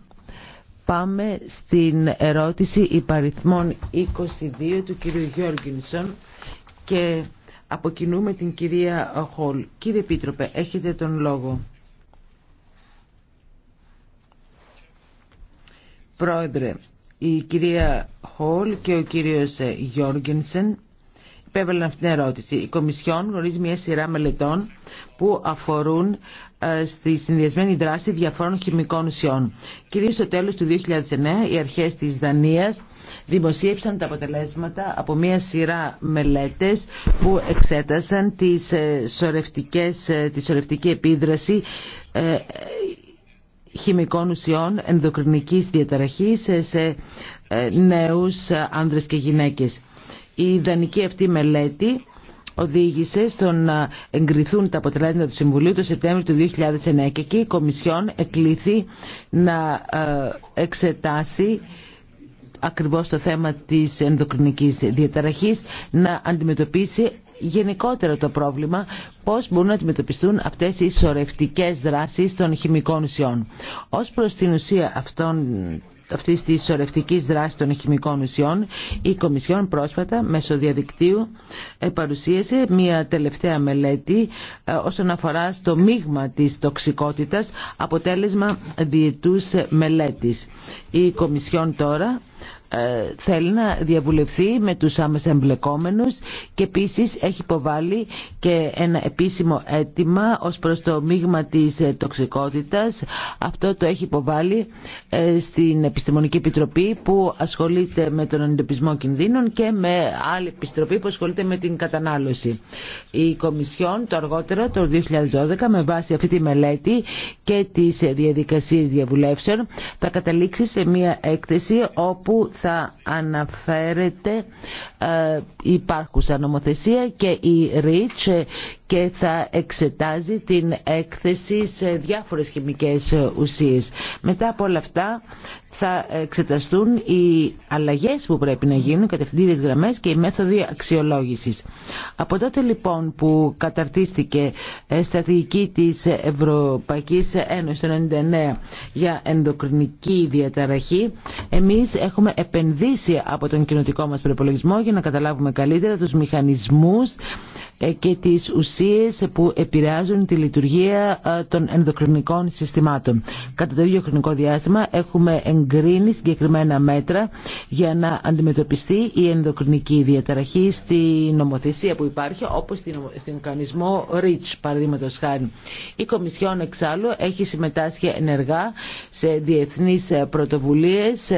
Πάμε στην ερώτηση υπαριθμών 22 του κυρίου Γιώργινσον και Αποκινούμε την κυρία Χολ. Κύριε Επίτροπε, έχετε τον λόγο. Πρόεδρε, η κυρία Χολ και ο κύριος ε, Γιόργενσεν υπέβαλαν αυτήν την ερώτηση. Η Κομισιόν γνωρίζει μια σειρά μελετών που αφορούν ε, στη συνδυασμένη δράση διαφόρων χημικών ουσιών. Κυρίως στο τέλος του 2009 οι αρχές της Δανίας δημοσίευσαν τα αποτελέσματα από μία σειρά μελέτες που εξέτασαν τις ε, σορευτικές, ε, τη σορευτική επίδραση ε, χημικών ουσιών ενδοκρινικής διαταραχής σε νέους άνδρες και γυναίκες. Η ιδανική αυτή μελέτη οδήγησε στο να εγκριθούν τα αποτελέσματα του Συμβουλίου το Σεπτέμβριο του 2009 και εκεί η Κομισιόν εκλήθη να εξετάσει ακριβώς το θέμα της ενδοκρινικής διαταραχής να αντιμετωπίσει γενικότερα το πρόβλημα πώς μπορούν να αντιμετωπιστούν αυτές οι σωρευτικές δράσεις των χημικών ουσιών. Ως προς την ουσία αυτών αυτή τη σωρευτική δράση των χημικών ουσιών, η Κομισιόν πρόσφατα μέσω διαδικτύου παρουσίασε μια τελευταία μελέτη ε, όσον αφορά στο μείγμα της τοξικότητας, αποτέλεσμα διετούς μελέτης. Η Κομισιόν τώρα ε, θέλει να διαβουλευθεί με τους άμεσα εμπλεκόμενους και επίσης έχει υποβάλει και ένα επίσημο αίτημα ως προς το μείγμα της ε, τοξικότητας. Αυτό το έχει υποβάλει ε, στην Επιστημονική Επιτροπή που ασχολείται με τον αντιπισμό κινδύνων και με άλλη επιστροπή που ασχολείται με την κατανάλωση. Η Κομισιόν το αργότερο το 2012 με βάση αυτή τη μελέτη και τις διαδικασίες διαβουλεύσεων θα καταλήξει σε μια έκθεση όπου θα αναφέρεται ε, υπάρχουσα νομοθεσία και η ΡΙΤΣ ε, και θα εξετάζει την έκθεση σε διάφορες χημικές ουσίες. Μετά από όλα αυτά θα εξεταστούν οι αλλαγές που πρέπει να γίνουν, κατευθυντήριες γραμμές και οι μέθοδοι αξιολόγησης. Από τότε λοιπόν που καταρτίστηκε ε, στρατηγική της Ευρωπαϊκής Ένωσης το 1999 για ενδοκρινική διαταραχή, εμείς έχουμε επενδύσει από τον κοινοτικό μας προπολογισμό για να καταλάβουμε καλύτερα τους μηχανισμούς ε, και τις ουσίες που επηρεάζουν τη λειτουργία ε, των ενδοκρινικών συστημάτων. Κατά το ίδιο χρονικό διάστημα έχουμε εγκρίνει συγκεκριμένα μέτρα για να αντιμετωπιστεί η ενδοκρινική διαταραχή στη νομοθεσία που υπάρχει όπως στην οικανισμό REACH παραδείγματο χάρη. Η Κομισιόν εξάλλου έχει συμμετάσχει ενεργά σε διεθνείς ε, πρωτοβουλίες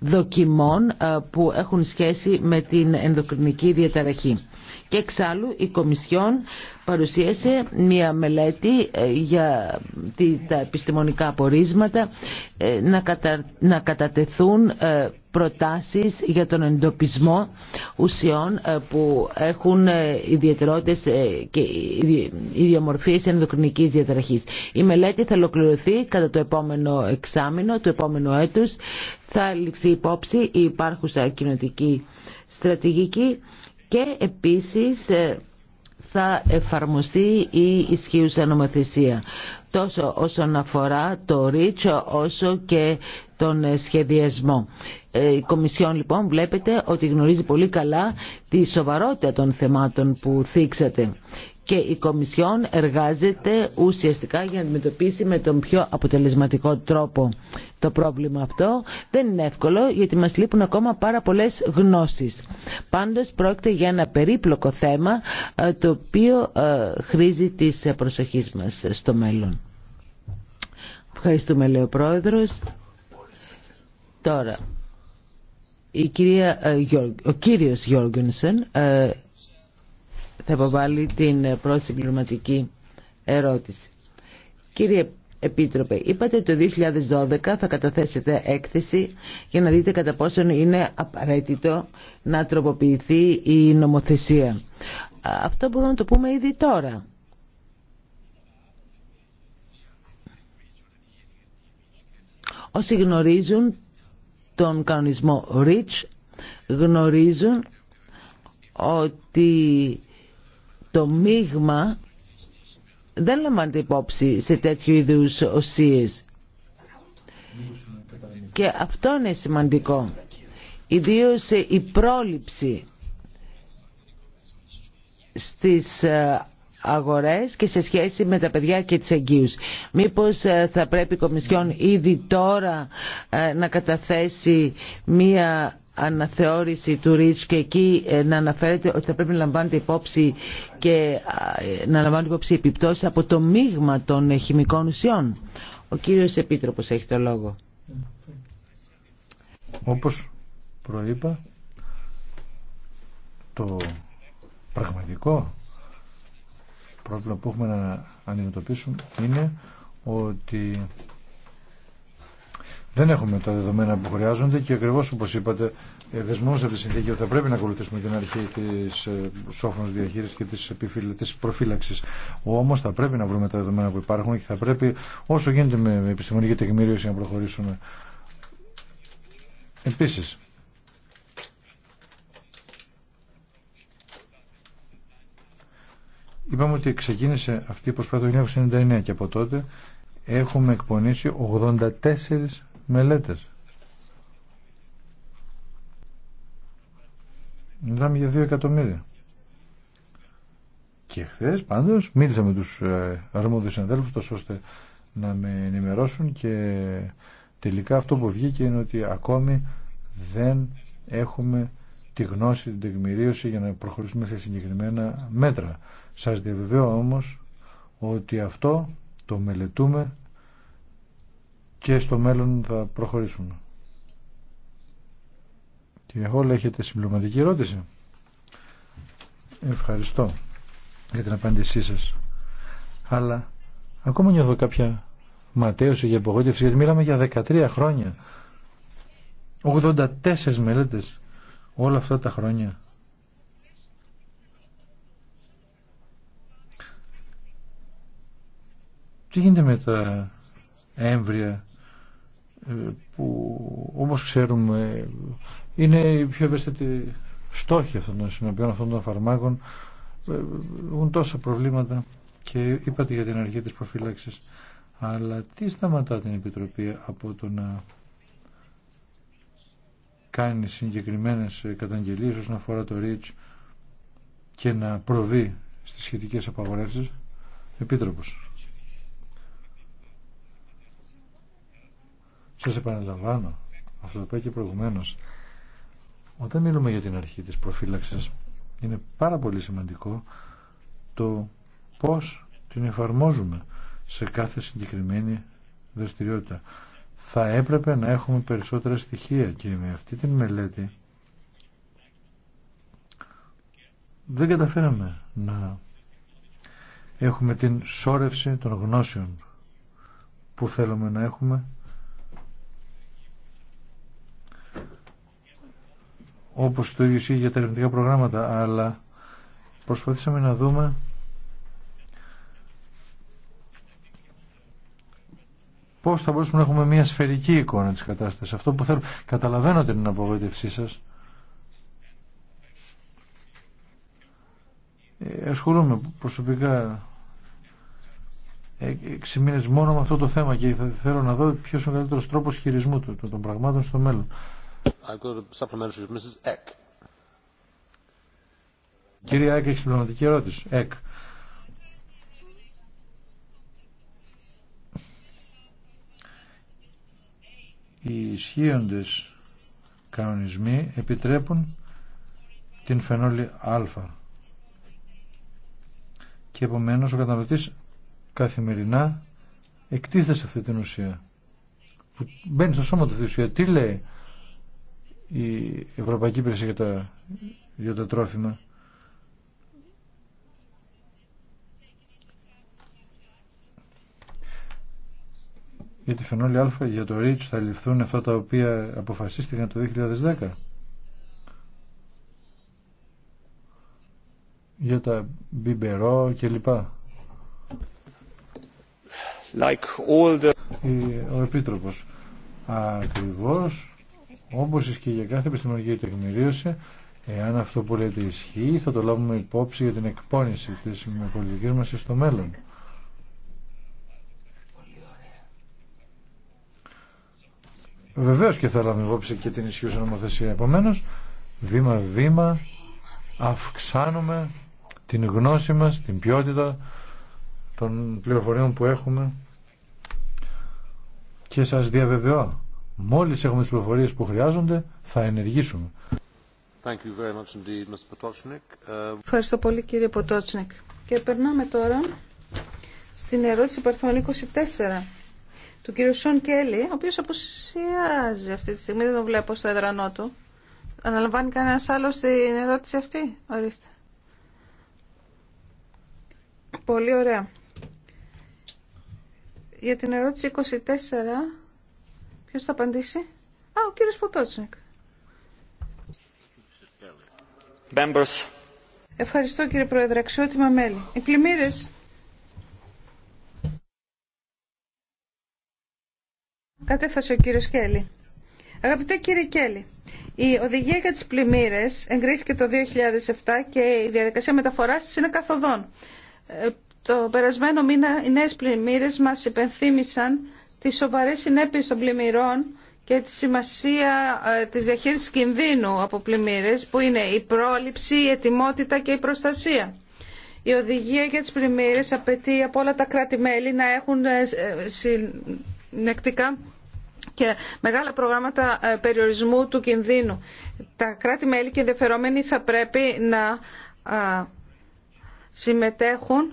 δοκιμών που έχουν σχέση με την ενδοκρινική διαταραχή. Και εξάλλου η Κομισιόν παρουσίασε μια μελέτη ε, για τα επιστημονικά απορίσματα ε, να κατατεθούν ε, προτάσεις για τον εντοπισμό ουσιών που έχουν ιδιαιτερότητες και ιδιομορφίες ενδοκρινικής διαταραχής. Η μελέτη θα ολοκληρωθεί κατά το επόμενο εξάμεινο, του επόμενου έτους. Θα ληφθεί υπόψη η υπάρχουσα κοινοτική στρατηγική και επίσης ε, θα εφαρμοστεί η ισχύουσα νομοθεσία τόσο όσον αφορά το ρίτσο όσο και τον ε, σχεδιασμό. Ε, η Κομισιόν λοιπόν βλέπετε ότι γνωρίζει πολύ καλά τη σοβαρότητα των θεμάτων που θίξατε και η Κομισιόν εργάζεται ουσιαστικά για να αντιμετωπίσει με τον πιο αποτελεσματικό τρόπο το πρόβλημα αυτό. Δεν είναι εύκολο γιατί μας λείπουν ακόμα πάρα πολλές γνώσεις. Πάντως πρόκειται για ένα περίπλοκο θέμα ε, το οποίο ε, χρήζει της προσοχής μας στο μέλλον. Ευχαριστούμε λέει ο Πρόεδρος. Τώρα, η κυρία, ε, ο κύριος Γιώργενσεν θα υποβάλει την ε, πρώτη ερώτηση. Κύριε Επίτροπε, είπατε ότι το 2012 θα καταθέσετε έκθεση για να δείτε κατά πόσον είναι απαραίτητο να τροποποιηθεί η νομοθεσία. Αυτό μπορούμε να το πούμε ήδη τώρα. Όσοι γνωρίζουν τον κανονισμό REACH γνωρίζουν ότι το μείγμα δεν λαμβάνεται υπόψη σε τέτοιου είδους οσίες. Και αυτό είναι σημαντικό. Ιδίως η πρόληψη στις ε, αγορές και σε σχέση με τα παιδιά και τις εγγύους. Μήπως ε, θα πρέπει η Κομισιόν ήδη τώρα ε, να καταθέσει μία αναθεώρηση του ΡΙΤΣ και εκεί ε, να αναφέρεται ότι θα πρέπει να λαμβάνεται υπόψη και ε, να λαμβάνεται υπόψη επιπτώσεις από το μείγμα των ε, χημικών ουσιών. Ο κύριος Επίτροπος έχει το λόγο. Όπως προείπα, το πραγματικό πρόβλημα που έχουμε να αντιμετωπίσουμε είναι ότι δεν έχουμε τα δεδομένα που χρειάζονται και ακριβώ όπω είπατε, ε, δεσμό από τη συνθήκη ότι θα πρέπει να ακολουθήσουμε την αρχή τη ε, σόφρονη διαχείριση και τη προφύλαξη. Όμω θα πρέπει να βρούμε τα δεδομένα που υπάρχουν και θα πρέπει όσο γίνεται με επιστημονική τεκμηρίωση να προχωρήσουμε. Επίση, είπαμε ότι ξεκίνησε αυτή η προσπάθεια το 1999 και από τότε έχουμε εκπονήσει 84 μελέτες. Μιλάμε για δύο εκατομμύρια. Και χθε πάντως μίλησα με τους ε, αρμόδιους συναδέλφους τόσο ώστε να με ενημερώσουν και τελικά αυτό που βγήκε είναι ότι ακόμη δεν έχουμε τη γνώση, την τεκμηρίωση για να προχωρήσουμε σε συγκεκριμένα μέτρα. Σας διαβεβαιώ όμως ότι αυτό το μελετούμε και στο μέλλον θα προχωρήσουμε. Κύριε Χόλ, έχετε συμπληρωματική ερώτηση. Ευχαριστώ για την απάντησή σας. Αλλά ακόμα νιώθω κάποια ματέωση για απογοήτευση, γιατί μίλαμε για 13 χρόνια. 84 μελέτες όλα αυτά τα χρόνια. Τι γίνεται με τα έμβρια ε, που όμως ξέρουμε είναι η πιο ευαίσθητη στόχη αυτών των συνοπιών, αυτών των φαρμάκων ε, έχουν τόσα προβλήματα και είπατε για την αρχή της προφύλαξης αλλά τι σταματά την Επιτροπή από το να κάνει συγκεκριμένες καταγγελίες όσον αφορά το REACH και να προβεί στις σχετικές απαγορεύσεις Επίτροπος Σας επαναλαμβάνω, αυτό το είπα και προηγουμένως. Όταν μιλούμε για την αρχή της προφύλαξης, είναι πάρα πολύ σημαντικό το πώς την εφαρμόζουμε σε κάθε συγκεκριμένη δραστηριότητα. Θα έπρεπε να έχουμε περισσότερα στοιχεία και με αυτή την μελέτη δεν καταφέραμε να έχουμε την σόρευση των γνώσεων που θέλουμε να έχουμε όπως το ίδιο ισχύει για τα ερευνητικά προγράμματα, αλλά προσπαθήσαμε να δούμε πώς θα μπορούσαμε να έχουμε μια σφαιρική εικόνα της κατάστασης. Αυτό που θέλω, καταλαβαίνω την απογοήτευσή σας. Ε, ασχολούμαι προσωπικά ε, έξι μήνες μόνο με αυτό το θέμα και θα θέλω να δω ποιος είναι ο καλύτερος τρόπος χειρισμού των πραγμάτων στο μέλλον. Κύριε Άκη, έχει συμπληρωματική ερώτηση. Εκ. Οι ισχύοντε κανονισμοί επιτρέπουν την φενόλη α και επομένω, ο καταναλωτή καθημερινά εκτίθεται σε αυτή την ουσία που μπαίνει στο σώμα του αυτή ουσία. Τι λέει η Ευρωπαϊκή Υπηρεσία για τα, για τα τρόφιμα για τη φαινόλη α για το ριτς θα ληφθούν αυτά τα οποία αποφασίστηκαν το 2010 για τα μπιμπερό κλπ. Like all the... Ε, ο Επίτροπος ακριβώς όπως ισχύει για κάθε επιστημονική τεκμηρίωση, εάν αυτό που λέτε ισχύει, θα το λάβουμε υπόψη για την εκπόνηση της πολιτικής μας στο μέλλον. Βεβαίως και θα λάβουμε υπόψη και την ισχύουσα νομοθεσία. Επομένως, βήμα-βήμα αυξάνουμε την γνώση μας, την ποιότητα των πληροφοριών που έχουμε και σας διαβεβαιώ Μόλις έχουμε τις πληροφορίες που χρειάζονται, θα ενεργήσουμε. Um, Ευχαριστώ πολύ κύριε Ποτότσνικ. Και περνάμε τώρα στην ερώτηση παρθών 24 του κύριου Σον Κέλλη, ο οποίος αποσιάζει αυτή τη στιγμή, δεν τον βλέπω στο έδρανό του. Αναλαμβάνει κανένα άλλο την ερώτηση αυτή. Ορίστε. Πολύ ωραία. Για την ερώτηση 24 Ποιος θα απαντήσει? Α, ο κύριος Ποτότσνικ. Ευχαριστώ κύριε Πρόεδρε, αξιότιμα μέλη. Οι πλημμύρες Κατέφτασε ο κύριος Κέλλη. Αγαπητέ κύριε Κέλλη, η οδηγία για τις πλημμύρες εγκρίθηκε το 2007 και η διαδικασία μεταφοράς της είναι καθοδόν. Ε, το περασμένο μήνα οι νέες πλημμύρες μας υπενθύμησαν τις σοβαρές συνέπειες των πλημμυρών και τη σημασία ε, της διαχείρισης κινδύνου από πλημμύρες που είναι η πρόληψη, η ετοιμότητα και η προστασία. Η οδηγία για τις πλημμύρες απαιτεί από όλα τα κράτη-μέλη να έχουν ε, ε, συνεκτικά και μεγάλα προγράμματα περιορισμού του κινδύνου. Τα κράτη-μέλη και ενδιαφερόμενοι θα πρέπει να συμμετέχουν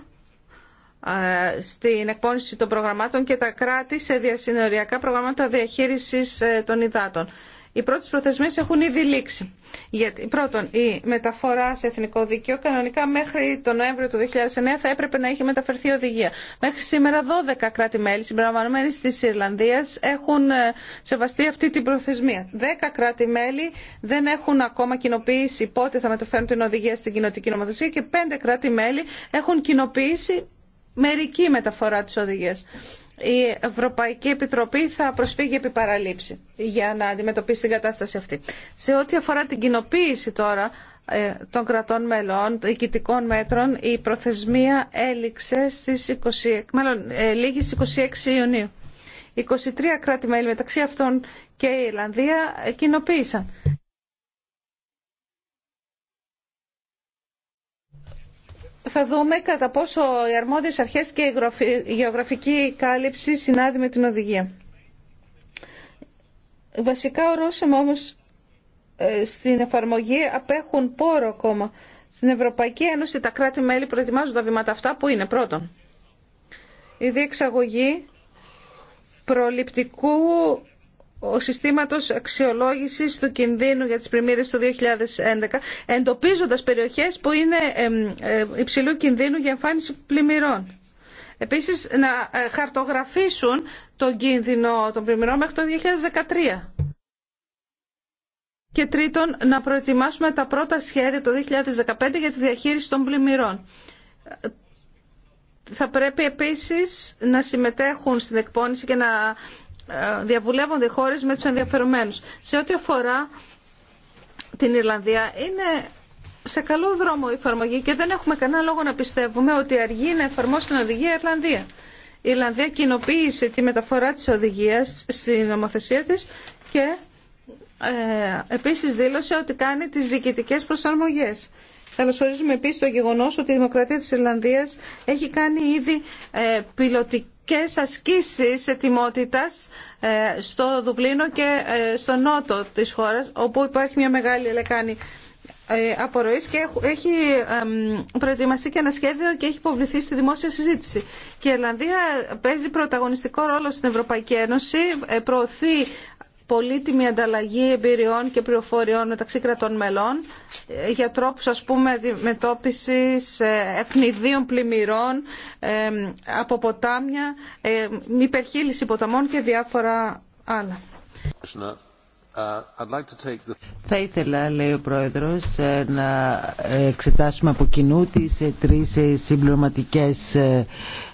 στην εκπόνηση των προγραμμάτων και τα κράτη σε διασυνοριακά προγράμματα διαχείρισης ε, των υδάτων. Οι πρώτες προθεσμίες έχουν ήδη λήξει. Γιατί, πρώτον, η μεταφορά σε εθνικό δίκαιο κανονικά μέχρι τον Νοέμβριο του 2009 θα έπρεπε να έχει μεταφερθεί οδηγία. Μέχρι σήμερα 12 κράτη-μέλη συμπεριλαμβανομένες τη Ιρλανδία έχουν ε, σεβαστεί αυτή την προθεσμία. 10 κράτη-μέλη δεν έχουν ακόμα κοινοποιήσει πότε θα μεταφέρουν την οδηγία στην κοινοτική νομοθεσία και 5 κράτη-μέλη έχουν κοινοποιήσει μερική μεταφορά της οδηγίας. Η Ευρωπαϊκή Επιτροπή θα προσφύγει επί παραλήψη για να αντιμετωπίσει την κατάσταση αυτή. Σε ό,τι αφορά την κοινοποίηση τώρα ε, των κρατών μελών, διοικητικών μέτρων, η προθεσμία έληξε στις 20, μάλλον, 26 ε, Ιουνίου. 23 κράτη-μέλη μεταξύ αυτών και η Ιρλανδία ε, κοινοποίησαν. θα δούμε κατά πόσο οι αρμόδιες αρχές και η γεωγραφική κάλυψη συνάδει με την οδηγία. Βασικά ορόσημα όμως ε, στην εφαρμογή απέχουν πόρο ακόμα. Στην Ευρωπαϊκή Ένωση τα κράτη-μέλη προετοιμάζουν τα βήματα αυτά που είναι πρώτον. Η διεξαγωγή προληπτικού ο συστήματος αξιολόγησης του κινδύνου για τις πλημμύρες το 2011 εντοπίζοντας περιοχές που είναι ε, υψηλού κινδύνου για εμφάνιση πλημμυρών. Επίσης να ε, χαρτογραφήσουν τον κίνδυνο των πλημμυρών μέχρι το 2013. Και τρίτον, να προετοιμάσουμε τα πρώτα σχέδια το 2015 για τη διαχείριση των πλημμυρών. Θα πρέπει επίσης να συμμετέχουν στην εκπόνηση και να ε, διαβουλεύονται οι χώρες με τους ενδιαφερομένους. Σε ό,τι αφορά την Ιρλανδία είναι σε καλό δρόμο η εφαρμογή και δεν έχουμε κανένα λόγο να πιστεύουμε ότι αργεί να εφαρμόσει την οδηγία Ιρλανδία. Η Ιρλανδία κοινοποίησε τη μεταφορά της οδηγίας στην νομοθεσία της και ε, επίσης δήλωσε ότι κάνει τις διοικητικές προσαρμογές. Καλωσορίζουμε επίσης το γεγονός ότι η Δημοκρατία της Ιρλανδίας έχει κάνει ήδη ε, πιλωτική και ασκήσεις ετοιμότητας ε, στο Δουβλίνο και ε, στο νότο της χώρας όπου υπάρχει μια μεγάλη λεκάνη ε, απορροής και έχει προετοιμαστεί και ένα σχέδιο και έχει υποβληθεί στη δημόσια συζήτηση. Και η Ελλανδία παίζει πρωταγωνιστικό ρόλο στην Ευρωπαϊκή Ένωση, προωθεί πολύτιμη ανταλλαγή εμπειριών και πληροφοριών μεταξύ κρατών μελών ε, για τρόπους ας πούμε αντιμετώπισης ε, ευνηδίων πλημμυρών ε, από ποτάμια, υπερχείληση ποταμών και διάφορα άλλα. Uh, Θα ήθελα, λέει ο Πρόεδρος, ε, να εξετάσουμε από κοινού τις ε, τρεις ε, συμπληρωματικές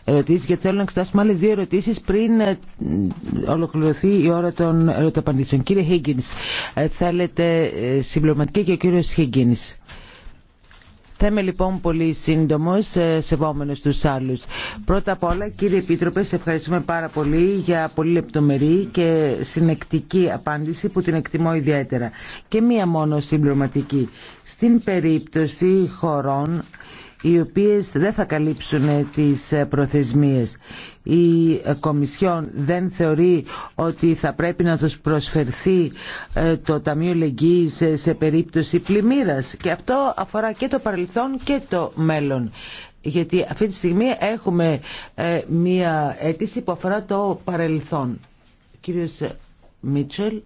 ερωτήσεις γιατί θέλω να εξετάσουμε άλλες δύο ερωτήσεις πριν ολοκληρωθεί η ώρα των ερωταπαντήσεων. Κύριε Higgins, θέλετε συμπληρωματική και ο κύριος Χίγκιν. Θα λοιπόν πολύ σύντομο, ε, σεβόμενο του άλλου. Πρώτα απ' όλα, κύριε Επίτροπε, σε ευχαριστούμε πάρα πολύ για πολύ λεπτομερή και συνεκτική απάντηση που την εκτιμώ ιδιαίτερα. Και μία μόνο συμπληρωματική. Στην περίπτωση χωρών οι οποίες δεν θα καλύψουν τις ε, προθεσμίες. Η ε, Κομισιόν δεν θεωρεί ότι θα πρέπει να τους προσφερθεί ε, το Ταμείο Λεγγύης σε περίπτωση πλημμύρας και αυτό αφορά και το παρελθόν και το μέλλον. Γιατί αυτή τη στιγμή έχουμε μία αίτηση που αφορά το παρελθόν. κύριος Μίτσελ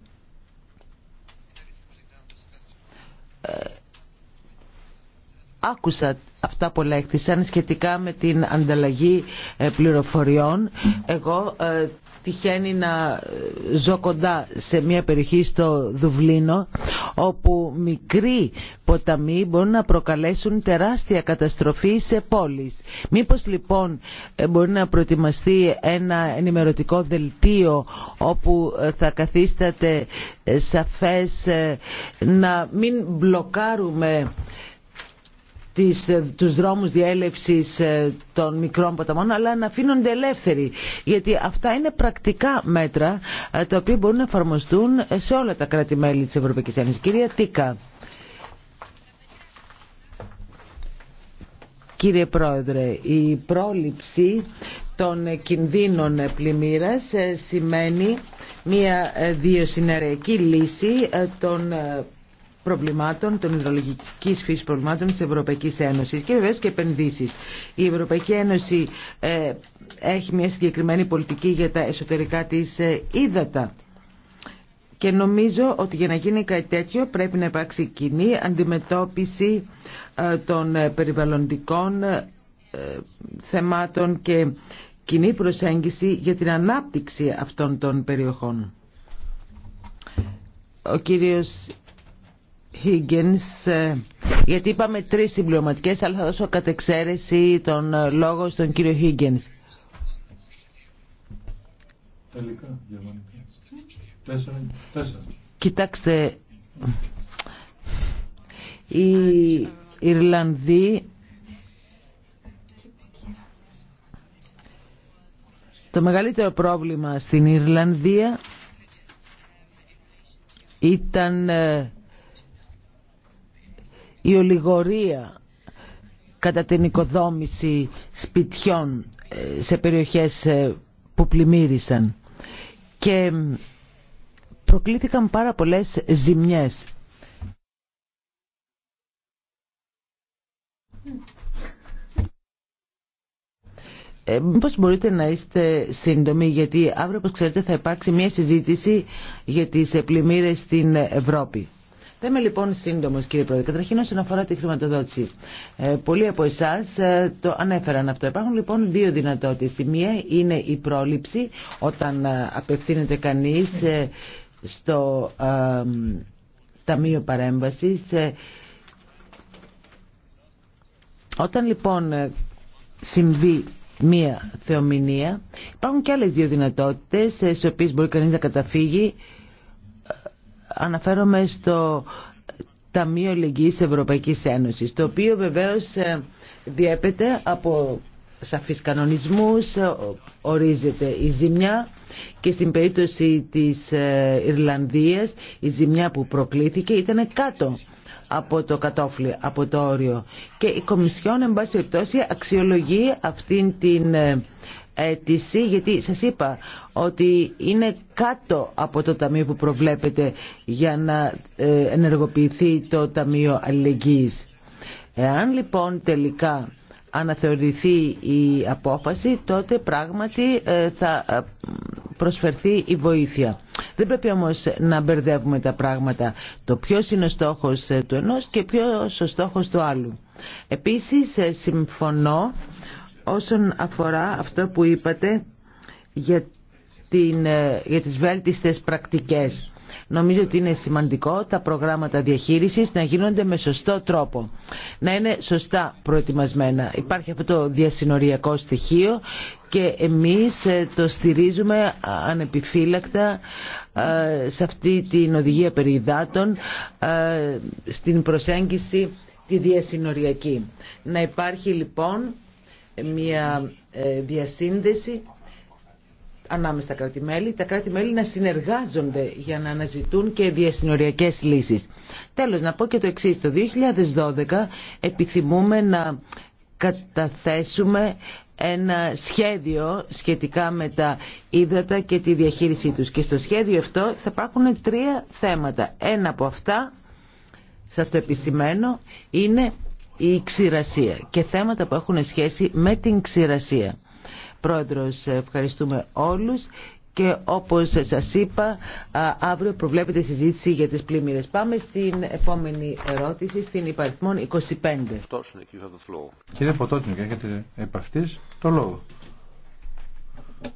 άκουσα αυτά που λέχθησαν σχετικά με την ανταλλαγή ε, πληροφοριών. Εγώ ε, τυχαίνει να ε, ζω κοντά σε μια περιοχή στο Δουβλίνο όπου μικροί ποταμοί μπορούν να προκαλέσουν τεράστια καταστροφή σε πόλεις. Μήπως λοιπόν μπορεί να προετοιμαστεί ένα ενημερωτικό δελτίο όπου θα καθίσταται σαφές να μην μπλοκάρουμε τις, ε, τους δρόμους διέλευσης ε, των μικρών ποταμών αλλά να αφήνονται ελεύθεροι γιατί αυτά είναι πρακτικά μέτρα ε, τα οποία μπορούν να εφαρμοστούν σε όλα τα κράτη-μέλη της Ευρωπαϊκής Ένωσης. Κυρία Τίκα. Κύριε Πρόεδρε, η πρόληψη των κινδύνων πλημμύρας σημαίνει μια διοσυνεραιακή λύση των προβλημάτων, των υδρολογική φύση προβλημάτων τη Ευρωπαϊκή Ένωση και βεβαίω και επενδύσει. Η Ευρωπαϊκή Ένωση ε, έχει μια συγκεκριμένη πολιτική για τα εσωτερικά τη ε, ύδατα. Και νομίζω ότι για να γίνει κάτι τέτοιο πρέπει να υπάρξει κοινή αντιμετώπιση ε, των περιβαλλοντικών θεμάτων και κοινή προσέγγιση για την ανάπτυξη αυτών των περιοχών. Ο κύριος Higgins, ε, γιατί είπαμε τρεις συμπληρωματικές αλλά θα δώσω κατ' εξαίρεση τον ε, λόγο στον κύριο Higgins. Κοιτάξτε, οι Ιρλανδοί το μεγαλύτερο πρόβλημα στην Ιρλανδία ήταν ε, η ολιγορία κατά την οικοδόμηση σπιτιών ε, σε περιοχές ε, που πλημμύρισαν και προκλήθηκαν πάρα πολλές ζημιές. Ε, μήπως μπορείτε να είστε σύντομοι γιατί αύριο όπως ξέρετε θα υπάρξει μια συζήτηση για τις πλημμύρες στην Ευρώπη. Θα είμαι λοιπόν σύντομο κύριε Πρόεδρε. Καταρχήν όσον αφορά τη χρηματοδότηση. Ε, πολλοί από εσά ε, το ανέφεραν αυτό. Υπάρχουν λοιπόν δύο δυνατότητε. Η μία είναι η πρόληψη όταν ε, απευθύνεται κανεί ε, στο Ταμείο Παρέμβαση. Όταν λοιπόν συμβεί μία θεομηνία, υπάρχουν και άλλες δύο δυνατότητες στις οποίες μπορεί κανείς να καταφύγει αναφέρομαι στο Ταμείο Ελληνικής Ευρωπαϊκής Ένωσης, το οποίο βεβαίως ε, διέπεται από σαφείς κανονισμούς, ε, ορίζεται η ζημιά και στην περίπτωση της ε, Ιρλανδίας η ζημιά που προκλήθηκε ήταν κάτω από το κατόφλι, από το όριο. Και η Κομισιόν, εν πάση περιπτώσει, αξιολογεί αυτήν την αίτηση, γιατί σας είπα ότι είναι κάτω από το ταμείο που προβλέπετε για να ε, ενεργοποιηθεί το Ταμείο Αλληλεγγύης. Εάν λοιπόν τελικά αναθεωρηθεί η απόφαση, τότε πράγματι ε, θα ε, προσφερθεί η βοήθεια. Δεν πρέπει όμως να μπερδεύουμε τα πράγματα. Το ποιος είναι ο στόχος του ενός και ποιος ο στόχος του άλλου. Επίσης συμφωνώ όσον αφορά αυτό που είπατε για, την, ε, για τις βέλτιστες πρακτικές. Νομίζω ότι είναι σημαντικό τα προγράμματα διαχείρισης να γίνονται με σωστό τρόπο, να είναι σωστά προετοιμασμένα. Υπάρχει αυτό το διασυνοριακό στοιχείο και εμείς ε, το στηρίζουμε ανεπιφύλακτα ε, σε αυτή την οδηγία υδάτων, στην προσέγγιση τη διασυνοριακή. Να υπάρχει λοιπόν μια ε, διασύνδεση ανάμεσα στα κράτη-μέλη, τα κράτη-μέλη να συνεργάζονται για να αναζητούν και διασυνοριακές λύσεις. Τέλος, να πω και το εξής. Το 2012 επιθυμούμε να καταθέσουμε ένα σχέδιο σχετικά με τα ύδατα και τη διαχείρισή τους. Και στο σχέδιο αυτό θα υπάρχουν τρία θέματα. Ένα από αυτά, σας το επισημαίνω, είναι η ξηρασία και θέματα που έχουν σχέση με την ξηρασία. Πρόεδρος, ευχαριστούμε όλους και όπως σας είπα αύριο προβλέπεται συζήτηση για τις πλημμύρες. Πάμε στην επόμενη ερώτηση, στην υπαριθμόν 25. Κύριε Ποτότσνικ, έχετε επ' το λόγο.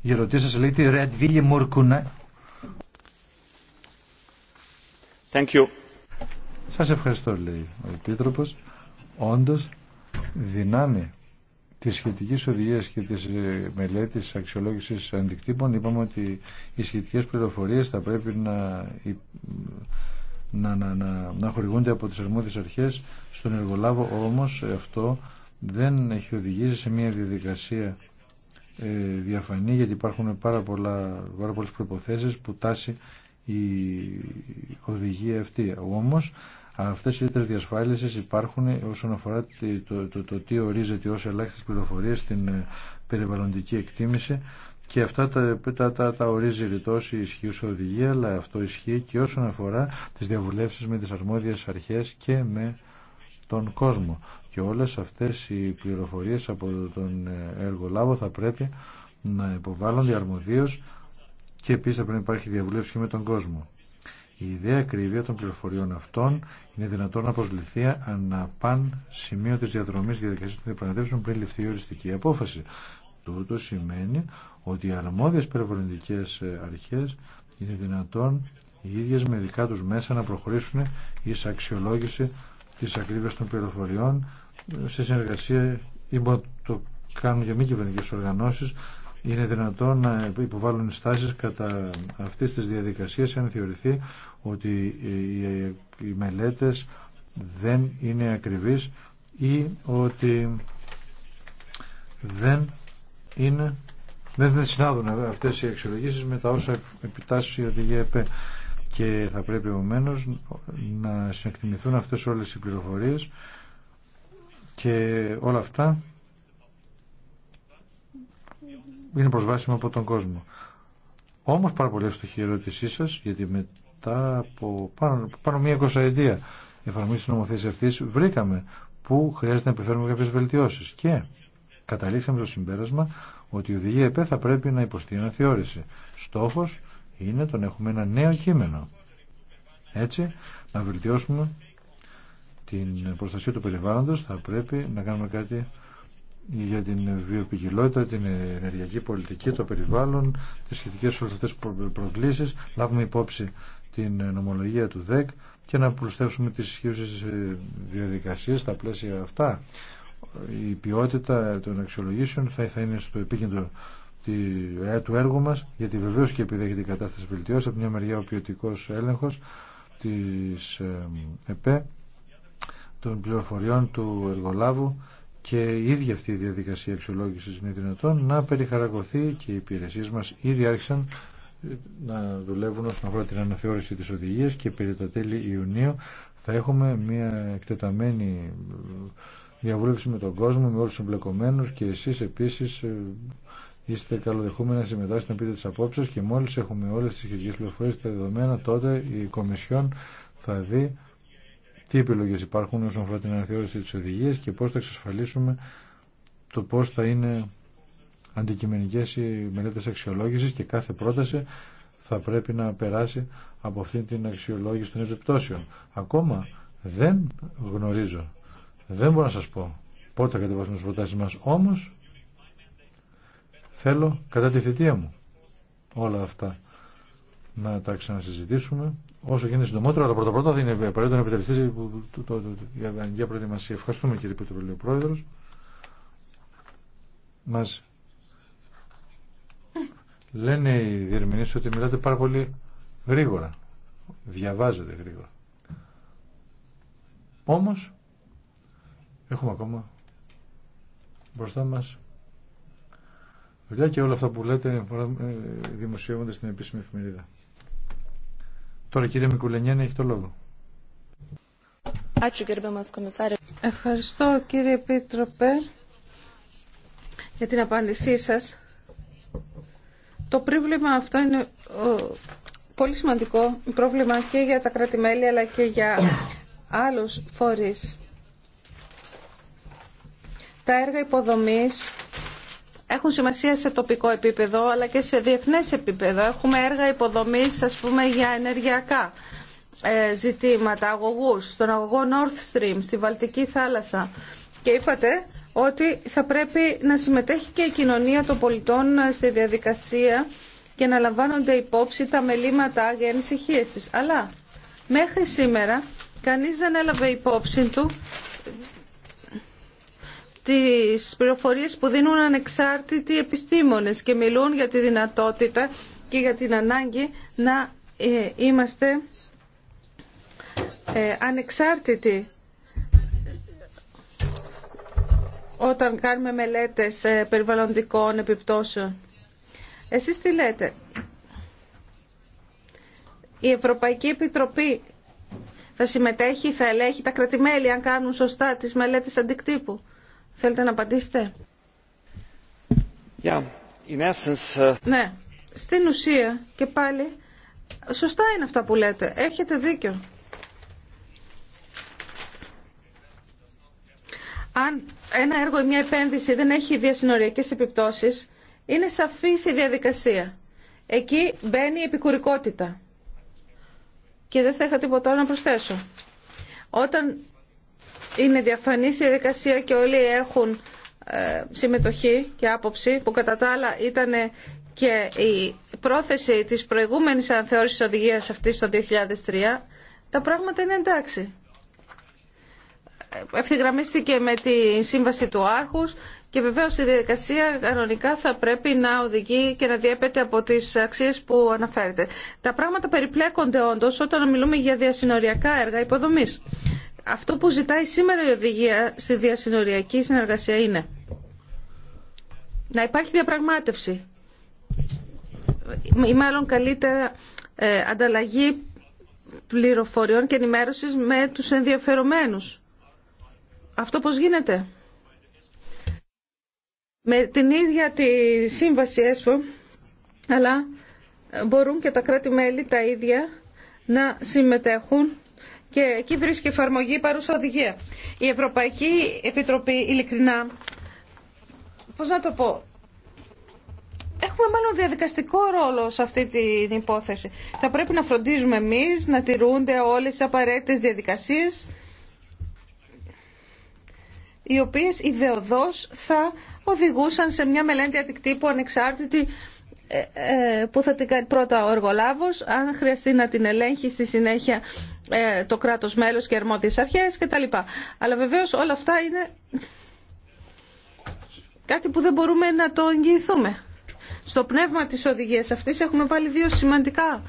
Η ερωτήση σας τη Ρεντβίλη Μουρκουνά. Thank you. Σας ευχαριστώ λέει ο Επίτροπος όντως δυνάμει τη σχετική οδηγία και τη ε, μελέτη αξιολόγηση αντικτύπων, είπαμε ότι οι σχετικέ πληροφορίε θα πρέπει να, να, να, χορηγούνται από τι αρμόδιες αρχέ στον εργολάβο. όμως αυτό δεν έχει οδηγήσει σε μια διαδικασία ε, διαφανή, γιατί υπάρχουν πάρα, πολλά, πάρα πολλέ που τάσει η οδηγία αυτή. Όμως Αυτές οι ρήτρες διασφάλισης υπάρχουν όσον αφορά το, το, το τι ορίζεται ως ελάχιστες πληροφορίες στην ε, περιβαλλοντική εκτίμηση και αυτά τα, τα, τα, τα ορίζει ρητός η ισχύουσα οδηγία, αλλά αυτό ισχύει και όσον αφορά τις διαβουλεύσεις με τις αρμόδιες αρχές και με τον κόσμο. Και όλες αυτές οι πληροφορίες από τον εργολάβο θα πρέπει να υποβάλλονται αρμοδίως και επίσης θα πρέπει να υπάρχει διαβουλεύση και με τον κόσμο. Η ιδέα ακρίβεια των πληροφοριών αυτών είναι δυνατόν να προσληθεί αναπάν σημείο τη διαδρομή διαδικασία των διαπραγματεύσεων πριν ληφθεί η οριστική απόφαση. Τούτο σημαίνει ότι οι αρμόδιε περιβαλλοντικέ ε, αρχέ είναι δυνατόν οι ίδιε με δικά του μέσα να προχωρήσουν ει αξιολόγηση τη ακρίβεια των πληροφοριών ε, σε συνεργασία ή το κάνουν για μη κυβερνητικέ οργανώσει είναι δυνατόν να υποβάλουν στάσει κατά αυτής της διαδικασίας αν θεωρηθεί ότι οι μελέτες δεν είναι ακριβείς ή ότι δεν είναι δεν συνάδουν αυτές οι αξιολογήσεις με τα όσα επιτάσσει η οδηγία ΕΠΕ και θα πρέπει επομένω να συνεκτιμηθούν αυτές όλες οι πληροφορίες και όλα αυτά είναι προσβάσιμα από τον κόσμο. Όμως πάρα πολύ ευστοχή η ερώτησή σας γιατί με μετά από πάνω, πάνω μία εικοσαετία εφαρμογή τη νομοθεσία αυτή, βρήκαμε που χρειάζεται να επιφέρουμε κάποιε βελτιώσει. Και καταλήξαμε στο συμπέρασμα ότι η οδηγία ΕΠΕ θα πρέπει να υποστεί αναθεώρηση. Στόχο είναι το να έχουμε ένα νέο κείμενο. Έτσι, να βελτιώσουμε την προστασία του περιβάλλοντος θα πρέπει να κάνουμε κάτι για την βιοπικιλότητα, την ενεργειακή πολιτική, το περιβάλλον, τις σχετικές ορθωτές προκλήσεις, λάβουμε υπόψη την νομολογία του ΔΕΚ και να προσθέσουμε τις ισχύουσες ε, διαδικασίες στα πλαίσια αυτά. Η ποιότητα των αξιολογήσεων θα, θα είναι στο επίκεντρο ε, του έργου μας, γιατί βεβαίως και επειδή έχει την κατάσταση βελτιώσει, από μια μεριά ο ποιοτικό έλεγχος της ε, ΕΠΕ, των πληροφοριών του εργολάβου και η ίδια αυτή η διαδικασία αξιολόγησης είναι δυνατόν να περιχαρακωθεί και οι υπηρεσίες μας ήδη άρχισαν να δουλεύουν όσον αφορά την αναθεώρηση της οδηγίας και περί τα τέλη Ιουνίου θα έχουμε μια εκτεταμένη διαβούλευση με τον κόσμο, με όλους τους εμπλεκομένους και εσείς επίσης ε, είστε καλοδεχούμενοι να συμμετάσχετε να πείτε τις απόψεις και μόλις έχουμε όλες τις σχετικές πληροφορίες τα δεδομένα τότε η Κομισιόν θα δει τι επιλογές υπάρχουν όσον αφορά την αναθεώρηση της οδηγίας και πώς θα εξασφαλίσουμε το πώς θα είναι αντικειμενικές οι μελέτες αξιολόγησης και κάθε πρόταση θα πρέπει να περάσει από αυτή την αξιολόγηση των επιπτώσεων. Ακόμα δεν γνωρίζω, δεν μπορώ να σας πω πότε θα κατεβάσουμε τις προτάσεις μας, όμως θέλω κατά τη θητεία μου όλα αυτά να τα ξανασυζητήσουμε όσο γίνεται γίνεται αλλά πρώτα πρώτα θα είναι απαραίτητο να επιτευχθεί για προετοιμασία. Ευχαριστούμε κύριε ο Πρόεδρος. Μας Λένε οι διερμηνείς ότι μιλάτε πάρα πολύ γρήγορα. Διαβάζετε γρήγορα. Όμως, έχουμε ακόμα μπροστά μας δουλειά και όλα αυτά που λέτε ε, δημοσιεύονται στην επίσημη εφημερίδα. Τώρα κύριε Μικουλενιάνη έχει το λόγο. Ευχαριστώ κύριε Επίτροπε για την απάντησή σας. Το πρόβλημα αυτό είναι πολύ σημαντικό πρόβλημα και για τα κράτη-μέλη αλλά και για άλλους φορείς. Τα έργα υποδομής έχουν σημασία σε τοπικό επίπεδο αλλά και σε διεθνές επίπεδο. Έχουμε έργα υποδομής ας πούμε για ενεργειακά ε, ζητήματα, αγωγούς, στον αγωγό North Stream, στη Βαλτική θάλασσα. Και είπατε ότι θα πρέπει να συμμετέχει και η κοινωνία των πολιτών ε, στη διαδικασία και να λαμβάνονται υπόψη τα μελήματα για ανησυχίες της. Αλλά μέχρι σήμερα κανείς δεν έλαβε υπόψη του τις πληροφορίες που δίνουν ανεξάρτητοι επιστήμονες και μιλούν για τη δυνατότητα και για την ανάγκη να ε, είμαστε ε, ανεξάρτητοι όταν κάνουμε μελέτες ε, περιβαλλοντικών επιπτώσεων. Εσείς τι λέτε. Η Ευρωπαϊκή Επιτροπή θα συμμετέχει, θα ελέγχει τα κρατημέλη αν κάνουν σωστά τις μελέτες αντικτύπου. Θέλετε να απαντήσετε. Yeah, in essence... Uh, ναι, στην ουσία και πάλι σωστά είναι αυτά που λέτε. Έχετε δίκιο. αν ένα έργο ή μια επένδυση δεν έχει διασυνοριακές επιπτώσεις, είναι σαφής η διαδικασία. Εκεί μπαίνει η επικουρικότητα. Και δεν θα είχα τίποτα άλλο να προσθέσω. Όταν είναι διαφανής η διαδικασία και όλοι έχουν ε, συμμετοχή και άποψη, που κατά τα άλλα ήταν και η πρόθεση της προηγούμενης αναθεώρησης οδηγίας αυτής το 2003, τα πράγματα είναι εντάξει ευθυγραμμίστηκε με τη σύμβαση του Άρχους και βεβαίως η διαδικασία κανονικά θα πρέπει να οδηγεί και να διέπεται από τις αξίες που αναφέρεται. Τα πράγματα περιπλέκονται όντως όταν μιλούμε για διασυνοριακά έργα υποδομής. Αυτό που ζητάει σήμερα η οδηγία στη διασυνοριακή συνεργασία είναι να υπάρχει διαπραγμάτευση ή μάλλον καλύτερα ε, ανταλλαγή πληροφοριών και ενημέρωσης με τους ενδιαφερομένους αυτό πώς γίνεται. Με την ίδια τη σύμβαση ΕΣΠΟ, αλλά μπορούν και τα κράτη-μέλη τα ίδια να συμμετέχουν και εκεί βρίσκει εφαρμογή παρούσα οδηγία. Η Ευρωπαϊκή Επιτροπή, ειλικρινά, πώς να το πω, έχουμε μάλλον διαδικαστικό ρόλο σε αυτή την υπόθεση. Θα πρέπει να φροντίζουμε εμείς να τηρούνται όλες οι απαραίτητες διαδικασίες οι οποίες ιδεοδός θα οδηγούσαν σε μια μελέτη αντικτύπου ανεξάρτητη ε, ε, που θα την κάνει πρώτα ο εργολάβος, αν χρειαστεί να την ελέγχει στη συνέχεια ε, το κράτος μέλος και αρμόδιες αρχές κτλ. Αλλά βεβαίως όλα αυτά είναι κάτι που δεν μπορούμε να το εγγυηθούμε. Στο πνεύμα της οδηγίας αυτής έχουμε βάλει δύο σημαντικά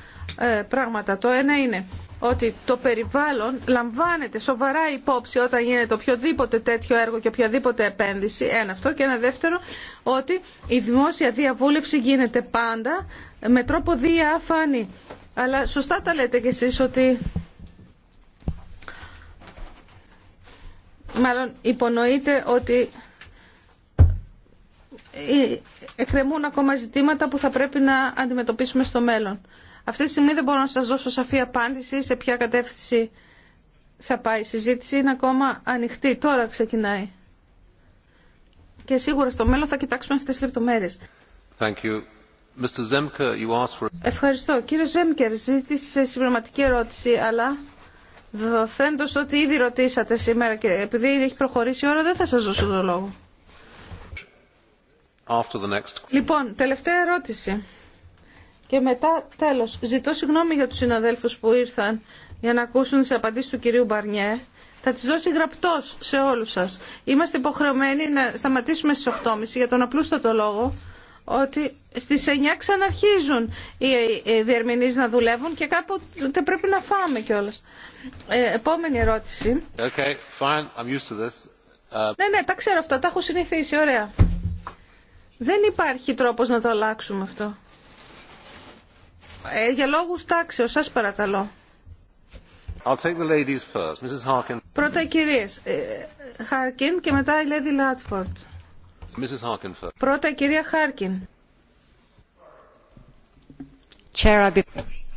πράγματα. Το ένα είναι ότι το περιβάλλον λαμβάνεται σοβαρά υπόψη όταν γίνεται οποιοδήποτε τέτοιο έργο και οποιαδήποτε επένδυση. Ένα αυτό. Και ένα δεύτερο, ότι η δημόσια διαβούλευση γίνεται πάντα με τρόπο διαφανή. Αλλά σωστά τα λέτε κι εσείς ότι μάλλον υπονοείται ότι ε, εκκρεμούν ακόμα ζητήματα που θα πρέπει να αντιμετωπίσουμε στο μέλλον. Αυτή τη στιγμή δεν μπορώ να σας δώσω σαφή απάντηση σε ποια κατεύθυνση θα πάει η συζήτηση. Είναι ακόμα ανοιχτή. Τώρα ξεκινάει. Και σίγουρα στο μέλλον θα κοιτάξουμε αυτές τις λεπτομέρειες. Thank you. Mr. you asked for... Ευχαριστώ. Κύριε Ζέμκερ, ζήτησε συμπληρωματική ερώτηση, αλλά δοθέντως ότι ήδη ρωτήσατε σήμερα και επειδή έχει προχωρήσει η ώρα δεν θα σας δώσω το λόγο. After the next... Λοιπόν, τελευταία ερώτηση. Και μετά, τέλος, ζητώ συγγνώμη για τους συναδέλφους που ήρθαν για να ακούσουν τι απαντήσει του κυρίου Μπαρνιέ. Θα τι δώσει γραπτό σε όλους σας. Είμαστε υποχρεωμένοι να σταματήσουμε στις 8.30 για τον απλούστατο λόγο ότι στις 9 ξαναρχίζουν οι διερμηνείς να δουλεύουν και κάποτε πρέπει να φάμε κιόλας. Ε, επόμενη ερώτηση. Okay, fine. I'm used to this. Uh, ναι, ναι, τα ξέρω αυτά, τα έχω συνηθίσει, ωραία. Δεν υπάρχει τρόπος να το αλλάξουμε αυτό. Ε, για λόγους τάξεως, σας παρακαλώ. Πρώτα οι κυρίες. Χάρκιν ε, και μετά η Lady Λάτφορντ. Πρώτα η κυρία Χάρκιν.